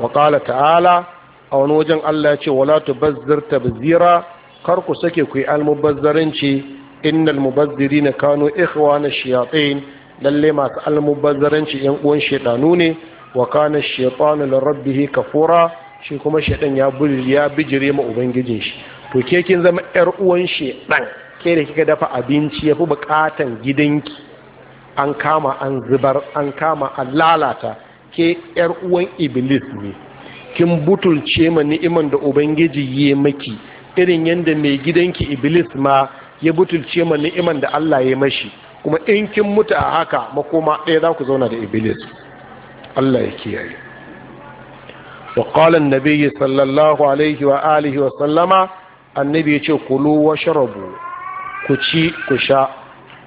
wa qala ta'ala a wani wajen Allah ya ce wala tubazzir tabzira kar ku sake ku yi almubazzaranci innal mubazzirina kanu ikhwana shayatin lalle masu almubazzaranci yan uwan shedanu ne wa kana shaytanu lirabbihi kafura shi kuma shedan ya ya bijire ma ubangijin shi to ke kin zama yar uwan shedan ke da kika dafa abinci ya fi bukatan gidanki an kama an zubar an kama an lalata ke yar uwan iblis ne kin butulce ma ni'iman da ubangiji ya maki irin yadda mai gidanki iblis ma ya butulce ma ni'iman da Allah ya mashi kuma in kin mutu a haka makoma ɗaya za ku zauna da iblis Allah ya kiyaye wa qala an-nabiy sallallahu alaihi wa alihi wa sallama annabi ya ce kulu wa sharabu ku ci ku sha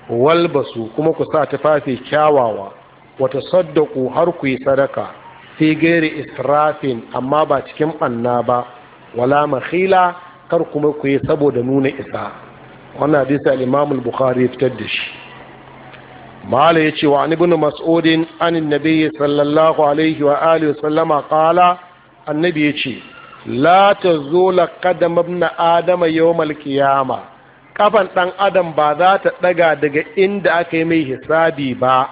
walbasu kuma ku sa tufafi kyawawa wata saddaku har ku yi sadaka fi gairi israfin amma ba cikin ɓanna ba wala makhila kar kuma ku yi saboda nuna isa wannan hadisi al-imam al-bukhari fitar da shi mala yace wa an ibn mas'udin an annabi sallallahu alaihi wa alihi sallama qala annabi yace la tazula qadam ibn adama yawm al-qiyamah kafan ɗan adam ba za ta ɗaga daga inda aka yi mai hisabi ba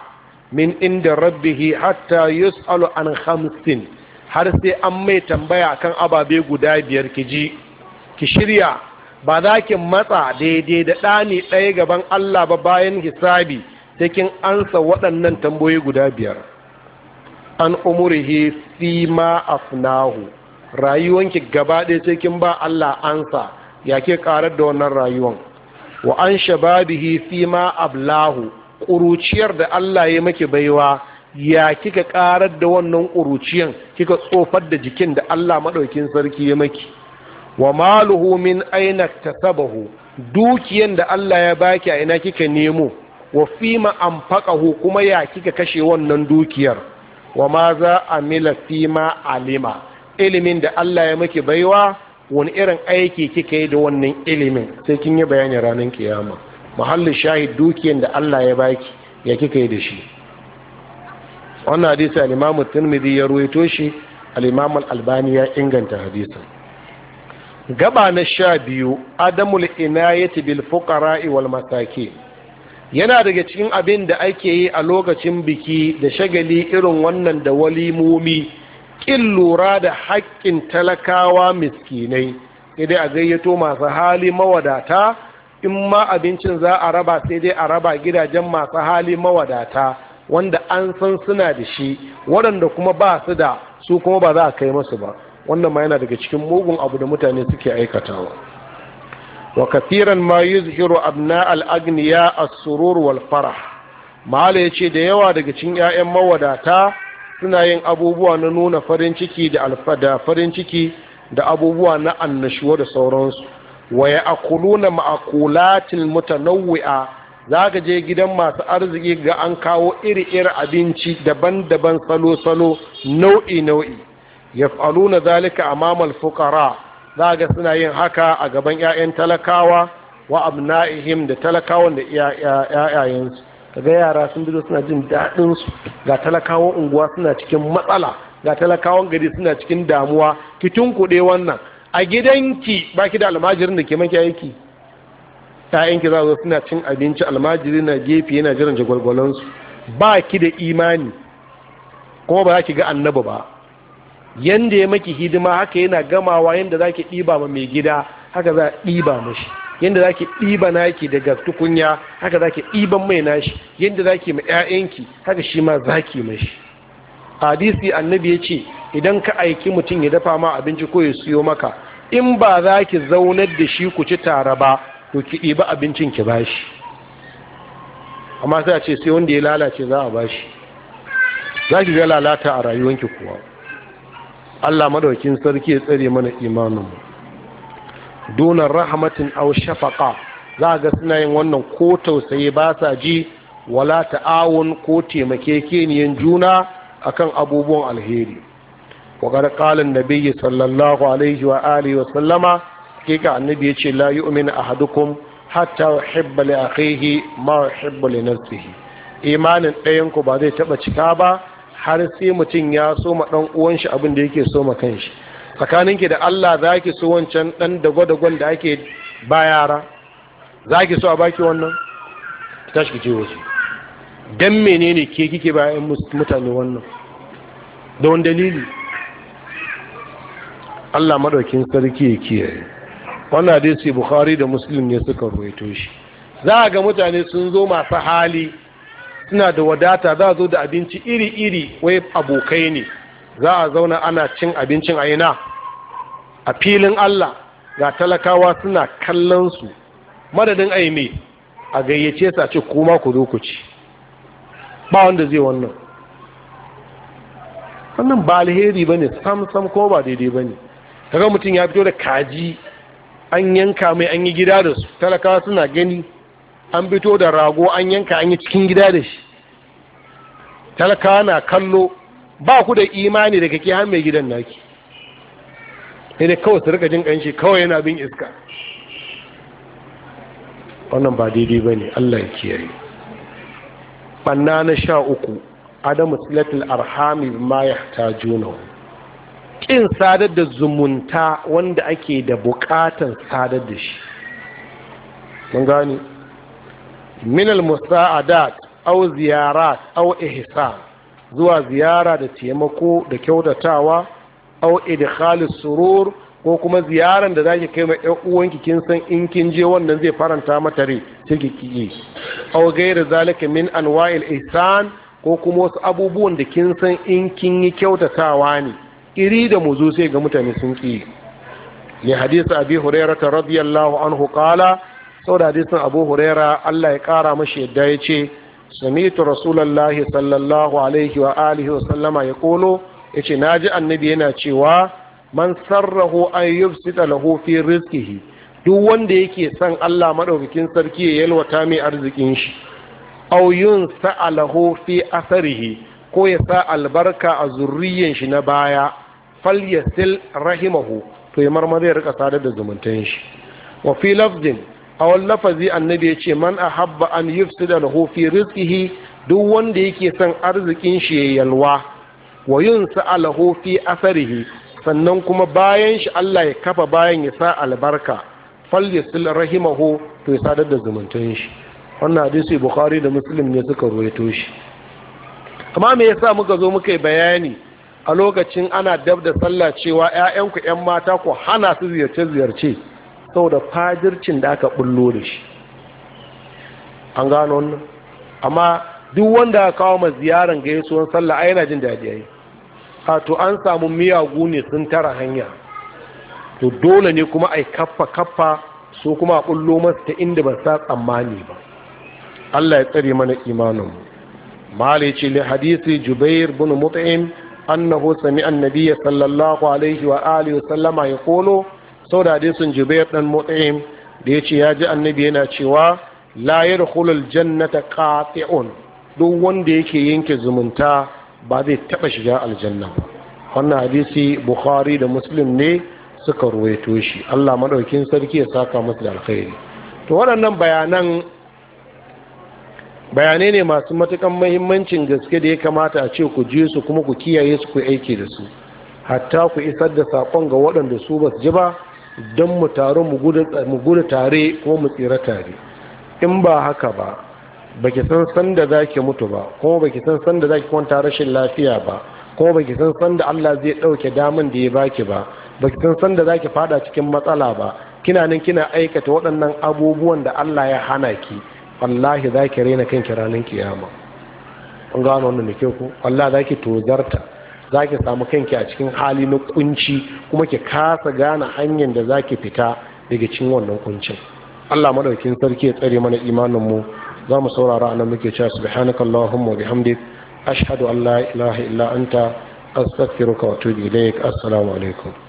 min inda rabbihi hatta yus'alu an hamsin har sai an mai tambaya kan ababe guda biyar ki ji ki shirya ba za ki matsa daidai da ɗani ɗaya gaban Allah ba bayan hisabi sai kin ansa waɗannan tambayoyi guda biyar an umurihi fi ma afnahu rayuwanki gaba ɗaya sai kin ba Allah ansa ya ke ƙarar da wannan rayuwan wa an shababihi fi ma ablahu ƙuruciyar da Allah ya maki baiwa ya kika ƙarar da wannan ƙuruciyan kika tsofar da jikin da Allah maɗaukin sarki ya maki wa maluhu min aina tasabahu dukiyan da Allah ya baki a ina kika nemo wa fi ma anfaqahu kuma ya kika kashe wannan dukiyar wa ma za amila fi ma alima ilimin da Allah ya maki baiwa wani irin aiki kika yi da wannan ilimin sai kin yi bayani ranar kiyama mahallin shahid dukiyan da Allah ya baki ya kika yi da shi wannan hadisi al-Imam Tirmidhi ya ruwaito shi al albani ya inganta hadisin gaba na sha biyu adamul inayati bil fuqara'i wal masakin yana daga cikin abin da ake yi a lokacin biki da shagali irin wannan da walimomi ƙin lura da haƙƙin talakawa miskinai sai dai a gayyato masu hali mawadata in ma abincin za a raba sai dai a raba gidajen masu hali mawadata wanda an san suna da shi waɗanda kuma ba su da su kuma ba za a kai masu ba wannan ma yana daga cikin mugun abu da mutane suke aikatawa wa kafiran ma yuzhiru abna al'agniya agniya as-surur wal ya ce yace da yawa daga cikin 'ya'yan mawadata suna yin abubuwa na nuna farin ciki da alfada farin ciki da abubuwa na annashuwa da sauransu waya ya akuluna ma'akulatin mutanawwi'a za ka je gidan masu arziki ga an kawo iri-iri abinci daban-daban salo-salo nau'i-nau'i ya faluna zalika a mamal fukara za ga suna yin haka a gaban 'ya'yan talakawa wa abna'ihim da talakawan da 'ya'yayensu ga yara sun biro suna jin daɗin su ga talakawan unguwa suna cikin matsala ga talakawan gari suna cikin damuwa ki tunkuɗe wannan a gidanki ba ki da almajirin da ke maki aiki ƴaƴanki za su suna cin abinci almajiri na gefe yana jiran jagwalgwalansu ba ki da imani kuma ba za ki ga annabi ba yanda ya maki hidima haka yana gamawa yanda za ki ɗiba ma mai gida haka za a ɗiba mashi yadda za ki ɗiba naki daga tukunya haka za ki ɗiban mai nashi yadda za ki ma 'ya'yanki haka shi ma za ki mashi hadisi annabi ya ce idan ka aiki mutum ya dafa ma abinci ko ya siyo maka in ba za ki zaunar da shi ku ci tare ba to ki ɗiba abincin ki ba shi amma sai a ce sai wanda ya lalace za a ba shi za ki ga lalata a rayuwanki kuwa Allah madaukin sarki ya tsare mana imaninmu dunan rahmatin aw shafaqa za ga suna yin wannan ko tausayi ba sa ji wala ta'awun ko taimakekeniyan juna akan abubuwan alheri wa qad qala nabiyyi sallallahu alaihi wa alihi wa sallama kika annabi yace la yu'minu ahadukum hatta yuhibba li akhihi ma yuhibbu li nafsihi imanin ɗayan ku ba zai taba cika ba har sai mutum ya so ma dan uwan shi abin da yake so ma kanshi tsakaninki da Allah za ki so wancan ɗan dagwadagwan da ake ba yara za ki so a baki wannan tashi ce wasu don menene ke kike bayan mutane wannan da wani dalili Allah maɗaukin sarki ya kiyaye wannan hadisi bukhari da musulun ne suka ruwaito shi za a ga mutane sun zo masu hali suna da wadata za zo da abinci iri-iri wai abokai ne za a zauna ana cin abincin a a filin Allah ga talakawa suna kallon su madadin aime a gayyace sa ce kuma ku zo ku ci ba wanda zai wannan wannan ba alheri ba ne sam sam ko ba daidai ba ne kaga mutum ya fito da kaji an yanka mai an yi gida da su talakawa suna gani an fito da rago an yanka an yi cikin gida da shi talakawa na kallo ba ku da imani daga kake mai gidan naki ne kawai su rika jin ƙanshi kawai yana bin iska wannan ba daidai ba ne allah ya kiyaye ɓanna na sha uku adamu silatul arhami ma ya ta juna ƙin sadar da zumunta wanda ake da buƙatar sadar da shi mun gani minal musa'adat au ziyarat au ihsan zuwa ziyara da taimako da kyautatawa au idkhalis surur ko kuma ziyaran da zaki kai ma ɗan uwanki kin san in kin je wannan zai faranta mata rai sai ki kiye au ghayra zalika min anwa'il ihsan ko kuma wasu abubuwan da kin san in kin yi kyautatawa ne iri da muzu sai ga mutane sun ki ne hadisi abi hurairah radiyallahu anhu qala saboda hadisin abu hurairah Allah ya kara mashi yadda ce. samitu rasulullahi sallallahu alaihi wa alihi wa sallama ya kolo yace ce na ji annabi yana cewa man sarrahu an duk wanda yake son Allah maɗaukakin sarki ya yalwata mai arzikin shi aw yunsa lahu fi asarihi ko ya sa albarka a zurriyan shi na baya falyasil rahimahu to ya marmari ya rika sadar da zumuntan shi wa fi lafzin a lafazi annabi ya ce man a habba an yufsida lahu fi rizqihi duk wanda yake son arzikin shi yalwa wa yunsa alahu fi asarihi sannan kuma bayan shi Allah ya kafa bayan ya sa albarka falyasil rahimahu to ya sadar da zumuntun shi wannan hadisi bukhari da muslim ne suka ruwaito shi amma me yasa muka zo muka yi bayani a lokacin ana dab da sallah cewa 'ya'yanku 'yan mata ku hana su ziyarce ziyarce saboda fajircin da aka bullo da shi an gano wannan amma duk wanda aka kawo ma ziyaran ga yaso sallah a yana jin daji yayi a to an samu miyagu ne sun tara hanya to dole ne kuma ai kaffa kaffa so kuma a bullo masa ta inda ba sa tsammani ba Allah ya tsare mana imanin mu malai ce li hadisi jubair bin mut'im annahu sami'a annabiyya sallallahu alaihi wa alihi wa sallama yaqulu saboda hadisin jubair dan mut'im da yace ya ji annabi yana cewa la yadkhulu aljannata qati'un duk wanda yake yanke zumunta ba zai taba shiga aljanna ba wannan hadisi bukhari da muslim ne suka ruwaito shi Allah madaukin sarki ya saka musu da alkhairi to waɗannan bayanan bayanai ne masu matukan muhimmancin gaske da ya kamata a ce ku je su kuma ku kiyaye su ku aiki da su hatta ku isar da sakon ga waɗanda su ba su ji ba don mu taru mu gudu tare ko mu tsira tare in ba haka ba ba ki san sanda za ki mutu ba kuma baki san sanda za ki kwanta rashin lafiya ba kuma baki san sanda Allah zai ɗauke daman da ya baki ba baki san sanda za ki fada cikin matsala ba kina nan kina aikata waɗannan abubuwan da Allah ya hana ki wallahi ki raina kanki ranar kiyama an gano wannan da Allah zaki tozarta za ki samu kanki a cikin hali na kunci kuma ki kasa gane hanyar da za ki fita daga cikin wannan kuncin Allah madaukin sarki ya tsare mana imanin mu za mu saurara anan muke cewa subhanaka allahumma wa bihamdik ashhadu an la ilaha illa anta astaghfiruka wa atubu ilaik assalamu alaikum